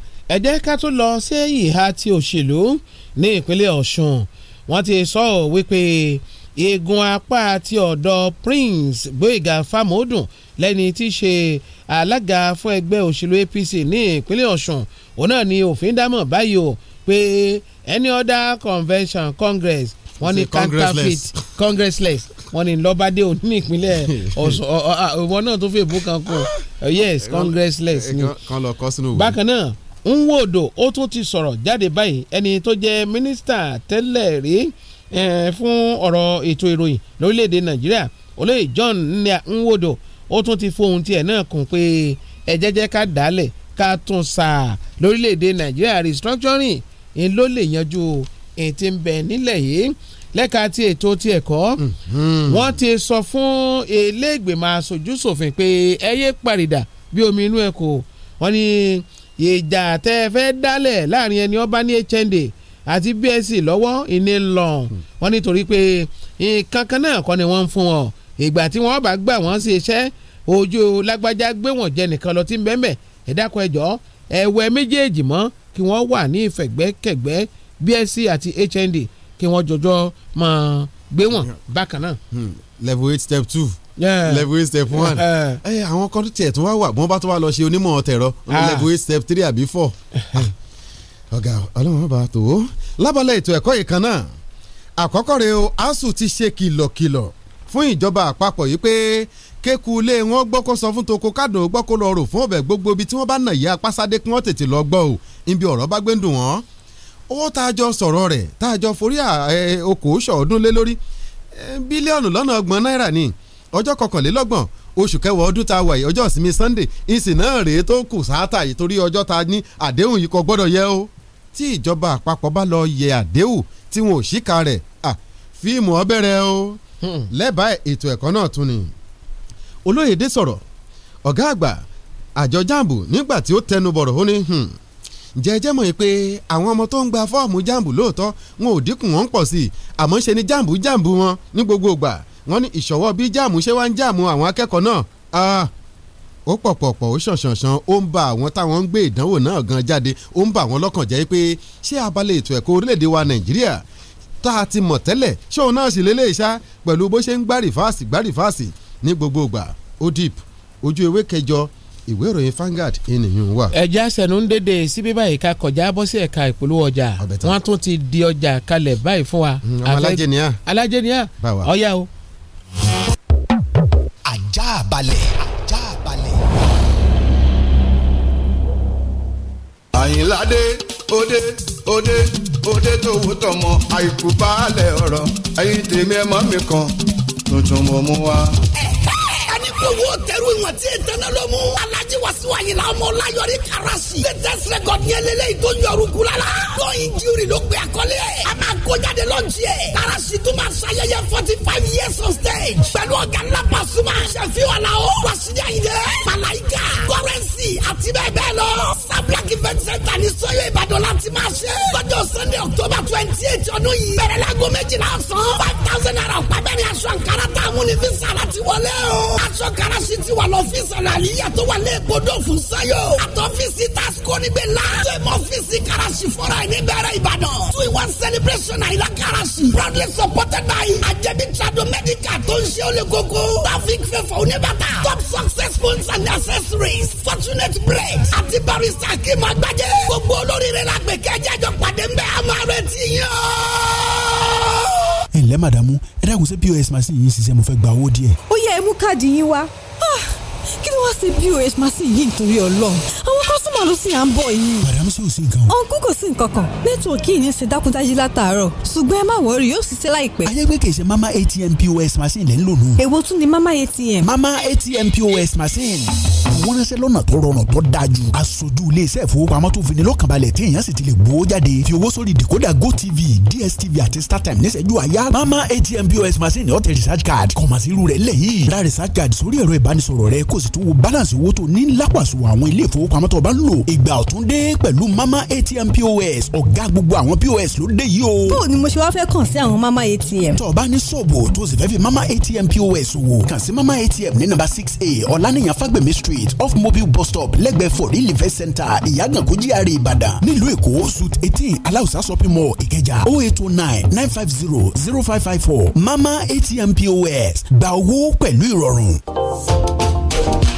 ẹ ká tó lọ sí ìhà ti òṣèlú ní ìpínlẹ̀ Ọ̀ṣun wọ́n ti sọ wípé eegun apá àti ọ̀dọ̀ Prince Gbóyèga Fámọ̀dùn lẹ́ni tí í ṣe alága fún ẹgbẹ́ òṣèlú APC ní ìpínlẹ̀ Ọ̀ṣun òun náà ni òfin dámọ̀ báyìí o pé any other convention congress wọ́n ní counterfeit congressless wọ́n ní lọ́bàdé òní ní ìpínlẹ̀ Ọ̀ṣun wọn náà tó fèèbù kan kù uh, yes congressless ni bákan náà Nwodo ó tún ti sọ̀rọ̀ jáde báyìí ẹni tó jẹ́ mínísítà tẹ́lẹ̀ rí fún ọ̀rọ̀ ètò ìròyìn lórílẹ̀‐èdè nàìjíríà olóyè John Nwodo ó tún ti fohùn tiẹ̀ náà kún pé ẹ jẹ́jẹ́ ká dálẹ̀ ká tún sà lórílẹ̀‐èdè nàìjíríà restructuring ń ló lè yanjú ètí ń nílẹ̀ yìí lẹ́ka ti ètò ti ẹ̀kọ́ mm-hmm. wọ́n ti sọ fún iléègbèmọ̀ aṣojúṣòfin pé ẹ yé parìdà bí omi inú ẹ̀ kò wọ́n ní ìjà tẹ́ fẹ́ dálẹ̀ láàrin ẹni ọba ní HND àti BSc lọ́wọ́ ìní lọ́n wọ́n nítorí pé nǹkan kan náà kọ́ ni wọ́n ń fún wọn ìgbà tí wọ́n bá gbà wọ́n sí iṣẹ́ ojú lágbájá gbé wọ́n jẹ nìkan lọ tí ń bẹ́ẹ̀ ẹ̀dákun ẹ̀jọ́ ẹ̀wẹ̀ méjèèjì mọ́ kí wọ́n wà ní ìfẹ̀gbẹ́kẹ̀gbẹ́ BSc àti HND kí wọ́n jọjọ́ máa gbé wọn bákan náà. Hmm, level eight step two yeah. level eight step one eh, àwọn kan tiẹ̀ tún wá wà bí wọ́n bá tún wá lọ ṣe onímọ̀ ọ̀tẹ̀rọ level ah. eight step three àbí four ọ̀gá ọlọ́run bá tó o lábàlẹ̀ ètò ẹ̀kọ́ yìí kan náà àkọ́kọ́ rẹ̀ o asuu ti ṣe kìlọ̀kìlọ̀ fún ìjọba àpapọ̀ yìí pé kéku ilé wọn gbọ́ kó sọ fún toko kádùn ó gbọ́ kó lọ rò fún ọbẹ̀ gbogbo ibi tí wọ́n bá nà yí apásáde kí wọ́n tètè lọ gbọ́ o ibi ọ̀rọ̀ bá gbé ń dùn wọ́n owó tá sọ̀rọ̀ rẹ̀ tá forí okòó sọ̀ọ́dún lé lórí bílíọ̀nù lọ́nà ọgbọ̀n náírà ni ọjọ́ kọkànlélọ́gbọ̀n oṣù kẹwàá ọdún tá a wà yìí ọjọ́ ìsinmi Sunday ìsìn náà rèé tó kù sáátà yìí torí ọjọ́ ta ní àdéhùn yìí kò gbọ́dọ̀ yẹ o tí ìjọba àpapọ̀ bá lọ yẹ àdéhùn tí wọn ò síka rẹ̀ fíìmù ọbẹ̀rẹ̀ o hmm. lẹ́bàá ètò ẹ̀kọ́ náà tún ni. olóyèdè sọ̀rọ̀ ọ̀gá àgbà àjọ jambu nígbà tí ó tẹnu bọ̀rọ̀ ó ní hmm, jẹjẹ mọ̀ pé àwọn ọmọ tó ń gba fọ́ọ̀mù jambu lóòótọ́ wọn ò dínkù wọn pọ̀ sí i àmọ́ ṣe ni jambu jambu wọn ní gbogbo ìgbà wọn ní ìṣọwọ́ bí jambu ṣe wá ń jambu àwọn akẹ́kọ̀ọ́ náà ó pọ̀pọ̀pọ̀ ó ṣànṣànṣàn ó ń ba àwọn táwọn ń gbé ìdánwò náà gan jáde ó ń ba àwọn lọ́kàn jẹ́ pé ṣé abala ètò ẹ̀kọ́ orílẹ̀-èdè wa Nàìjíríà tá a ti mọ̀ tẹ́lẹ̀ ṣé òun náà sì lélẹ̀ ìṣá pẹ̀lú bó ṣe ń gbá rìfáàsì gbá rìfáàsì ní gbogbo ìgbà ó dìp ojú ewé kẹjọ ìwé ìròyìn Vanguard ènìyàn wà. ẹ̀jẹ̀ àṣẹ̀nù ń dédé síbí báyìí ká kọjá bọ́ sí ẹ̀ka ìpolówó ọjà wọ́n tún ti di ọjà kalẹ̀ báyìí fún wa. Hmm, alájẹniya alájẹniya ọ̀ya o. ajá balẹ̀. àyìnládé òde òde òde tó wò tọmọ àìkú baálẹ̀ ọ̀rọ̀ ẹ̀yin tèmi ẹ̀ mọ́ mi kan tuntun mo mú wa olówó tẹ̀rù ìwọ̀n tí ì tẹ́lẹ̀ ló mú. alájí wàsíù àyìnlá ọmọ ọláyọrí karasi. latest record ní eléyìí tó yọrù kú lára. lọ́yìn jírí ló pe àkọlé. a máa kó jáde lọ́ọ̀jì ẹ̀. karasi tún máa ṣayẹyẹ forty five years on stage. pẹ̀lú ọ̀gá ńlá Pasuma. sẹ̀fíwàlà o. wàsíù àyìnlẹ̀. malayika. kọ́rẹ́nsì àti bẹ́ẹ̀ bẹ́ẹ̀ lọ. sablak event center ní sọ́yọ́ ìbàdàn láti máa ṣe. lọ́jọ́ sunday october twenty eight ọdún yìí. bẹ̀rẹ̀ láago méjìlá ọ̀sán. five thousand naira ọ̀pá bẹ́ẹ̀ ni aṣọ àǹkárá tá a mú ní fisa láti wọlé o. aṣọ gáràsì ti wà lọ́fíìsì àlàyé tó wà lẹ́ẹ̀kọ́dọ̀ fún sáyọ̀. àtọ́fíìsì tasco níbẹ̀ la. sẹ́mu ọ́fíìsì gáràsì fọ́ra ẹ̀ níbẹ̀rẹ̀ Ìbàdàn. two in one celebration àyílá gáràsì. proudly supported by ajẹbi trado medical tó ń ṣe olè koko. traffic fẹ́fọ̀ oníbàtà. top success phones and accessories. fortunate bread. àti barista kí máa gbajẹ́. gbogbo olóríire la gbẹ̀kẹ́ jẹ́jọ́ pàdé ń bẹ́ àmọ́ àrẹ ti yàn ẹ̀lẹ́ màdàmú ẹ dákun ṣé pos machine yìí ń ṣiṣẹ́ mo fẹ́ gba owó díẹ̀. ó yẹ ẹ mú káàdì yín wá ah, kí ló wá ṣe pos machine yìí nítorí Ọlọ́run àwọn kọ́sọ́mà ló sì à ń bọ̀ yìí. màdàmú sì ò sí nǹkan o. ọ̀nkú kò sí nǹkan kan nẹ́tíwọ̀kì yìí ń ṣe dákúndájí látàárọ̀ ṣùgbọ́n ẹ má wọrí yóò ṣiṣẹ́ láìpẹ́. ayégbé kì í ṣe mama atm pos machine lẹ́ ń lò nù. èwo tún ni mama atm. mama atm pos machine wọ́n ránṣẹ́ lọ́nà tó rọrùn tó dájú. aṣojú iléeṣẹ́ ìfowópamọ́ tó fini lọ́kànbalẹ̀ tí èèyàn sì ti lè gbowó jáde fi owó sórí decoder gotv dstv àti startime níṣẹ́jú àyà mama atm pos machine ọ̀tẹ̀ research card kọ̀mọ̀sí irú rẹ̀ lẹ́yìn ra research card sórí ẹ̀rọ ìbánisọ̀rọ̀ rẹ kó sì tún wo balance owó tó ní lápàṣù àwọn ilé ìfowópamọ́ tó bá ń lò ìgbà ọ̀tún pẹ̀lú mama atm pos ọ̀gá gbogbo àwọn pos ló dé yìí o. bó o ni mo ṣe wá fẹ́ kàn sí àwọn mama atm. tó o bá ní ṣòwò tó o sì fẹ́ fi mama atm pos wò kàn sí mama atm ní nàmbà six a ọ̀lànìyàn fagbemi street left off mobile bus stop lẹ́gbẹ̀ẹ́ for real event center ìyàgànkó GRA ìbàdàn nílùú èkó suit eighteen aláùsá shopping mall ìkẹjà oh eight oh nine nine five zero zero five five four mama atm pos gba owó pẹ̀lú ìrọ̀rùn.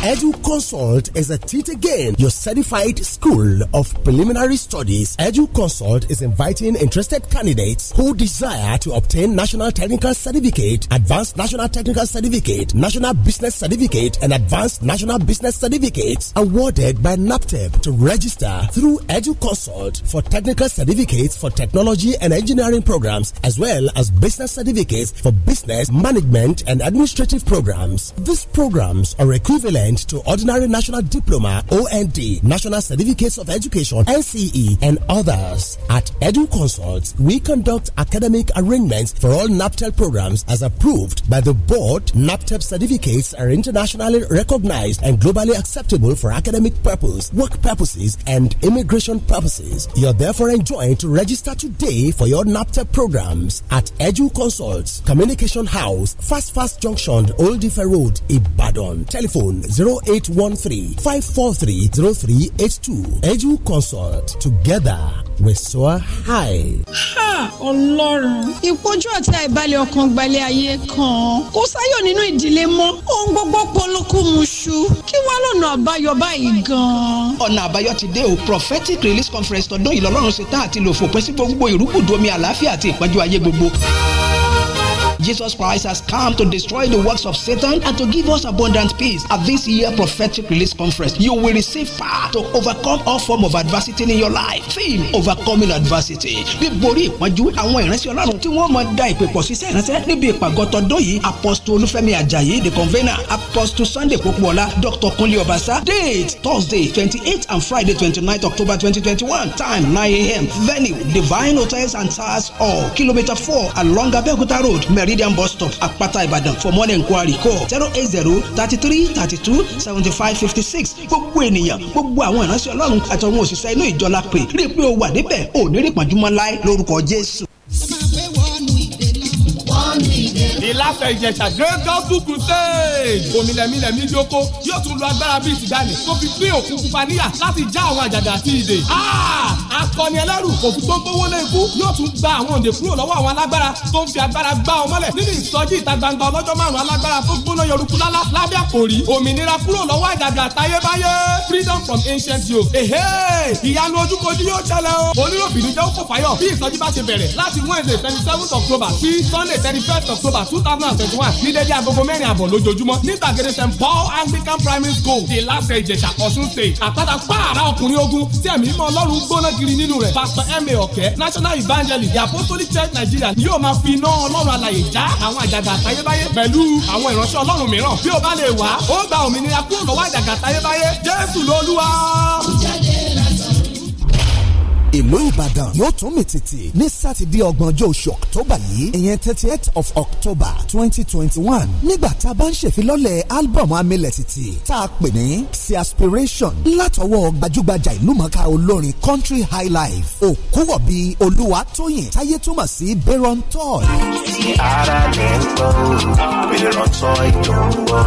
Edu Consult is a teach again your certified school of preliminary studies. Edu Consult is inviting interested candidates who desire to obtain national technical certificate, advanced national technical certificate, national business certificate, and advanced national business certificates awarded by NAPTEP to register through Edu Consult for technical certificates for technology and engineering programs, as well as business certificates for business management and administrative programs. These programs are equivalent to ordinary national diploma, OND, national certificates of education, NCE, and others. At Edu Consults, we conduct academic arrangements for all NAPTEL programs as approved by the board. NAPTEL certificates are internationally recognized and globally acceptable for academic purposes, work purposes, and immigration purposes. You're therefore enjoined to register today for your NAPTEL programs at Edu Consults Communication House, Fast Fast Junction, Old Ife Road, Ibadan. Telephone 0 Eight one three three five four zero three eight two Edu Consult together we soar high. ha ọlọ́run ìpọ́jú àti àìbalẹ̀ ọkàn gbalẹ̀ ayé kan kò sáyọ̀ nínú ìdílé mọ́ ohun gbogbo polókù muṣu kí wàá lọ́nà àbáyọ báyìí gan-an. ọ̀nà àbáyọ ti dé o prophetic release conference tọdún ìlọlọ́run ṣe tá àti lò fòpin sí gbogbo ìrúgbòdo omi àlàáfíà àti ìpọ́njú ayé gbogbo. Jesus Christ has come to destroy the works of Satan and to give us abundant peace. At this year prophetic release conference, you will receive power to overcome all form of adversity in your life. Theme overcoming adversity. Bíborí ìpọ́njú àwọn ìránṣẹ́ Ọlọ́run tí wọ́n máa da ìpèpọ̀ síṣẹ́ ìránṣẹ́ níbi ìpàgọ́ tọdún yìí Apostle Olúfẹ́mi Ajayi the convener Apostle Sunday Popoola Dr. Kunle Obasa date Thursday twenty eight and Friday twenty nine October twenty twenty one time nine a.m. venue Divine Hotels and Towers Hall kilometre four along Abeokuta road Meri Meridian bus stop Àpáta Ìbàdàn for more enquiry call zero eight zero thirty three thirty two seventy five fifty six gbogbo ènìyàn gbogbo àwọn ìránṣẹ́ Ọlọ́run àtàwọn òṣìṣẹ́ inú ìjọ la pè rí i pé o wà níbẹ̀ ò ní rí ìpọ́njú mọ́ láé lórúkọ Jésù the last ìjẹ̀ṣà great gospel crusade òmìnlẹ̀mìnlẹ̀mí jókòó yóò tún lo agbára bíi tìgbàanì tó fi pín òkun pupa níyà láti já àwọn àjàgà àti ìdè. Ah! akọni ẹlẹ́rù òfin tó gbówó lé ikú yóò tún gba àwọn òǹdè kúrò lọ́wọ́ àwọn alágbára tó ń fi agbára gbá ọ mọ́lẹ̀ nínú ìsọjí ìta gbangba ọlọ́jọ́ márùn-ún alágbára tó gbóná yọrùkú lálá lábẹ́ àkòrí òmìnira kúrò lọ́wọ́ àjàgà àtayébáyé freedom from ancient yoke. ehe ìyanu ojúkojú yóò ṣẹlẹ̀ o. oníròbìnrin jẹ́ ó fò fáyọ̀ bí ìsọjí bá ṣe bẹ̀rẹ̀ láti wednesday twenty seven october sí sunday thirty first october October two thousand and twenty one ní dédé agogo mẹ́rin àbọ̀ lójoojúmọ́ ní gbàgede St Paul Anglican Primary School The last ìjẹ̀sà Ọ̀ṣun State àpáta pààrà ọkùnrin ogun tí ẹ̀mí mọ́ ọlọ́run gbóná kiri nínú rẹ̀ Pastor M.A. Ọ̀kẹ́ National Evangelist the Apostolic Church Nigeria ni yóò máa fi iná ọlọ́run alàyè já àwọn àjàgà àtayébáyé pẹ̀lú àwọn ìránṣẹ́ ọlọ́run mìíràn bí o bá lè wá ó gba òmìnira kúrò lọ́wọ́ àjàgà àtayébáyé Jésù lólúwa ìlú ìbàdàn yóò tún mì tìtì ní sátidé ọgbọ̀njọ́ oṣù october yìí ìyẹn thirty eight of october twenty twenty one nígbà tá a bá ń ṣèfilọ́lẹ̀ álbọ̀mù amílẹ̀ tìtì tá a pè ní si aspiration látọwọ́ gbajúgbajà ìlúmọ̀ọ́ká olórin country high life òkúwọ̀bí olúwatóyìn táyé túmọ̀ sí baron toy. tí ara lè ń gbọ́ baron toy ló ń gbọ́.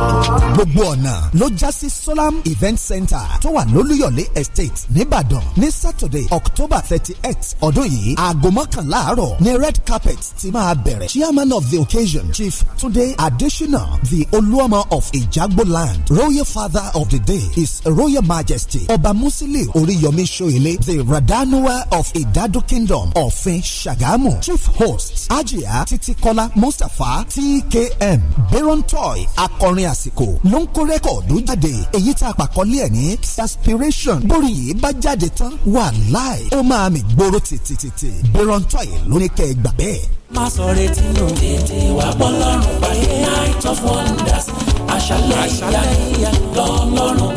gbogbo ọ̀nà ló já sí solam event center tó wà lólúyọ̀lé estate nìbàdàn ní saturday october december thirty eight ọdún yìí aago mọ́kànlá àárọ̀ ni red carpet ti máa bẹ̀rẹ̀ chairman of the occasion chief tunde adesina the olúọmọ of Ijagbo land, royal father of the day his royal majesty ọba musili oríyọmí soyele the radanua of idadu kingdom ọ̀fin ṣàgámù chief host ajia titikola mustapha tkm baron toy akọrin àsìkò ló ń kó rẹ́kọ̀dù jáde èyí tá a pàkọ́lé ẹ̀ ní aspiration bórí yìí bá jáde tán wà láì máa mi gbòòrò tètè bẹ́rọ̀ntọ́yì ló ní kẹ́ ẹ gbà bẹ́ẹ̀. má sọ retí nù. tètè wá bọ́ lọ́rùn pàdé night of wonders àṣàlẹ̀ ìyá ìyá lọ́lọ́run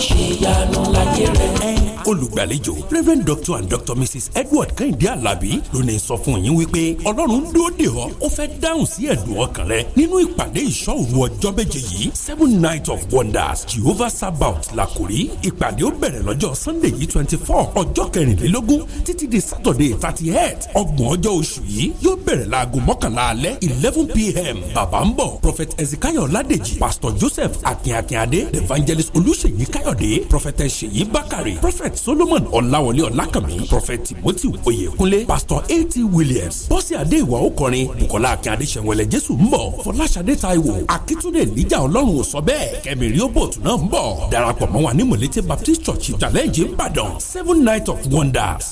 ṣe yanu láyé rẹ. olùgbàlejò reverend doctor and doctor mrs edward kẹ́hìndé alábí ló ní sọ fún yín wípé ọlọ́run dúró dè ọ́ ó fẹ́ dáhùn sí ẹ̀dùn ọkàn rẹ nínú ìpàdé ìṣọ́òru ọjọ́ méje yìí seven night of wonders jehovah sabaoth lakuri. ìpàdé ó bẹ̀rẹ̀ lọ́jọ́ sunday yìí twenty four ọjọ́ kẹrìnlélógún títí di saturday thirty eight ọgbọ̀n ọjọ́ oṣù yìí yóò bẹ̀rẹ̀ láago mọ́kànlá alẹ́ eleven pm bàbá ń bọ̀ prophet ezekiel ọládèjì pastor joseph ade. evangelist olùṣèyí káyọ̀ Kọ́ládé prọfẹtẹ Ṣèyí Bákàrè prọfẹt Solomon Ọláwọlé Ọlákànmí prọfẹt Timothy Oyèkúnlé Pastor A.T. Williams bọ́sì adéwà ọkọrin Bukola, akin adéṣẹ́wọlẹ̀ Jésù ń bọ̀ Fọláṣadé Táíwò Akíntúndé níjà Ọlọ́run ò sọ bẹ́ẹ̀ kẹ́mi rí òbòtú náà ń bọ̀ darapọ̀ mọ́ wa ní Mọ̀lété Baptist Church Challenge Ìbàdàn seven night of wonders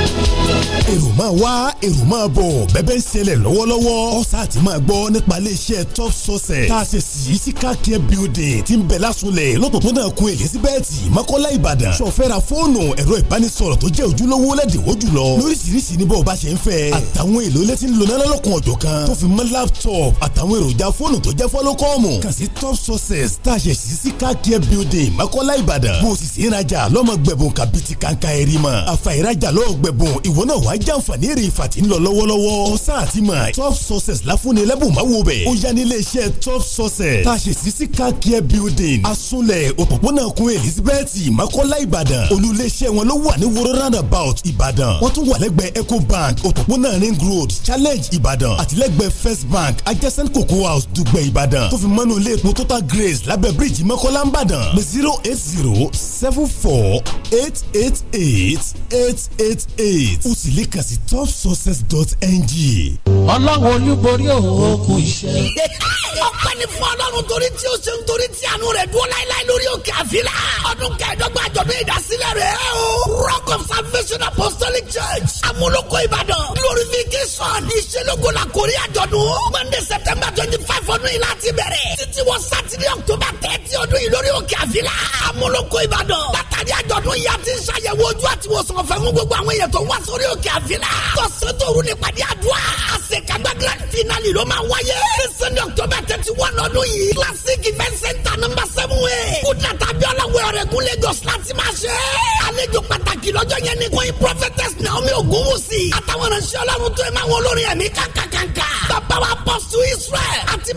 èrò máa wá èrò máa bọ̀ bẹ́bẹ́ ń ṣẹlẹ̀ lọ́wọ́lọ́wọ́ ọ̀sà àti máa gbọ́ nípa iléeṣẹ́ top sources tá a ṣe sí sika building tí ń bẹ lásunlẹ̀ lọ́pọ̀pọ̀nà kun elizabeth mọ́kọ́lá ìbàdàn sọ̀fẹ́ra fóònù ẹ̀rọ ìbánisọ̀rọ̀ tó jẹ́ ojúlówó lẹ́dínwó jùlọ lóríṣiríṣi ní bọ́ọ̀ bá ṣe ń fẹ́ àtàwọn èlò ilé tí ń lona lọ́lọ́kun ọ̀jọ̀ kan top sources tá a building mọ́kọ́lá ìbàdàn bó o sì sí ìrajà lọ́mọ gbẹ̀bùn kàbìtì kàǹkà gbẹ̀bùn ìwọ náà wàá jàǹfààní èrè ìfà tí ń lọ lọ́wọ́lọ́wọ́ ọ̀sán àti mọ̀ top sources láfúnni ẹlẹ́bùn máa wo bẹ̀ ó yá ní iléeṣẹ́ top sources tá a ṣe sí sí car care building asunlẹ̀ òpópónà kun elizabeth makola ìbàdàn olùléeṣẹ́ wọn ló wà ní woro roundabout ìbàdàn wọ́n tún wà lẹ́gbẹ̀ẹ́ ecobank òpópónà ring road challenge ìbàdàn àtìlẹ́gbẹ̀ẹ́ first bank adjacent cocoa house dùgbẹ̀ ìbàdàn tó fi mọ́nú ilé total grace lábẹ́ bíríìjì mọ́kọ́lá ń bàdàn zero eight zero seven four eight eight eight eight eight eight eight ó sì lè kàn sí topsuccess.ng. ọlọ́run olúborí òkú iṣẹ́. ọpẹ́ ni fún ọlọ́run torí tí ó ṣe ń torí tí àánú rẹ̀ dúró láéláé lórí òkè àfilà ọdún kẹẹ̀ẹ́dọ́gba àjọ̀dún ìdásílẹ̀ rẹ̀ o rock of salvation apostolic church amúlòkọ ìbàdàn glorification ìṣelógo la kórí àjọ̀dún monday september twenty five ọdún yìí láti bẹ̀rẹ̀ títí wọ sátidé october thirty ọdún yìí lórí òkè àfilà amúlòkọ ìbàdàn látàrí àjọ̀dún yìí àti ìṣàyẹ̀wò ojú àti ìwòsàn ọ̀fẹ́ fún gbogbo àwọn èèyàn tó wá sórí òkè àfilà. tọ̀sán tóru ní pàdé àdúrà. àṣekágbá grand finale ló máa wáyé. sẹ́ni ọ̀tọ́bẹ̀ tẹ̀tí wọ́n lọ́dún yìí. classic event center number seven way. kúndàtà bíọ́lá wẹ̀rọ̀ rẹ̀ kún Lagos láti máa ṣe. àlejò pàtàkì lọ́jọ́ yẹn ni kò prophetess Naomi Ogunwusi. àtàwọn ìránṣẹ́ ọlọ́run tó ẹ máa wọ olórin ẹ̀mí kàkàkàkà. bàbá wa pọ̀ sí Israel.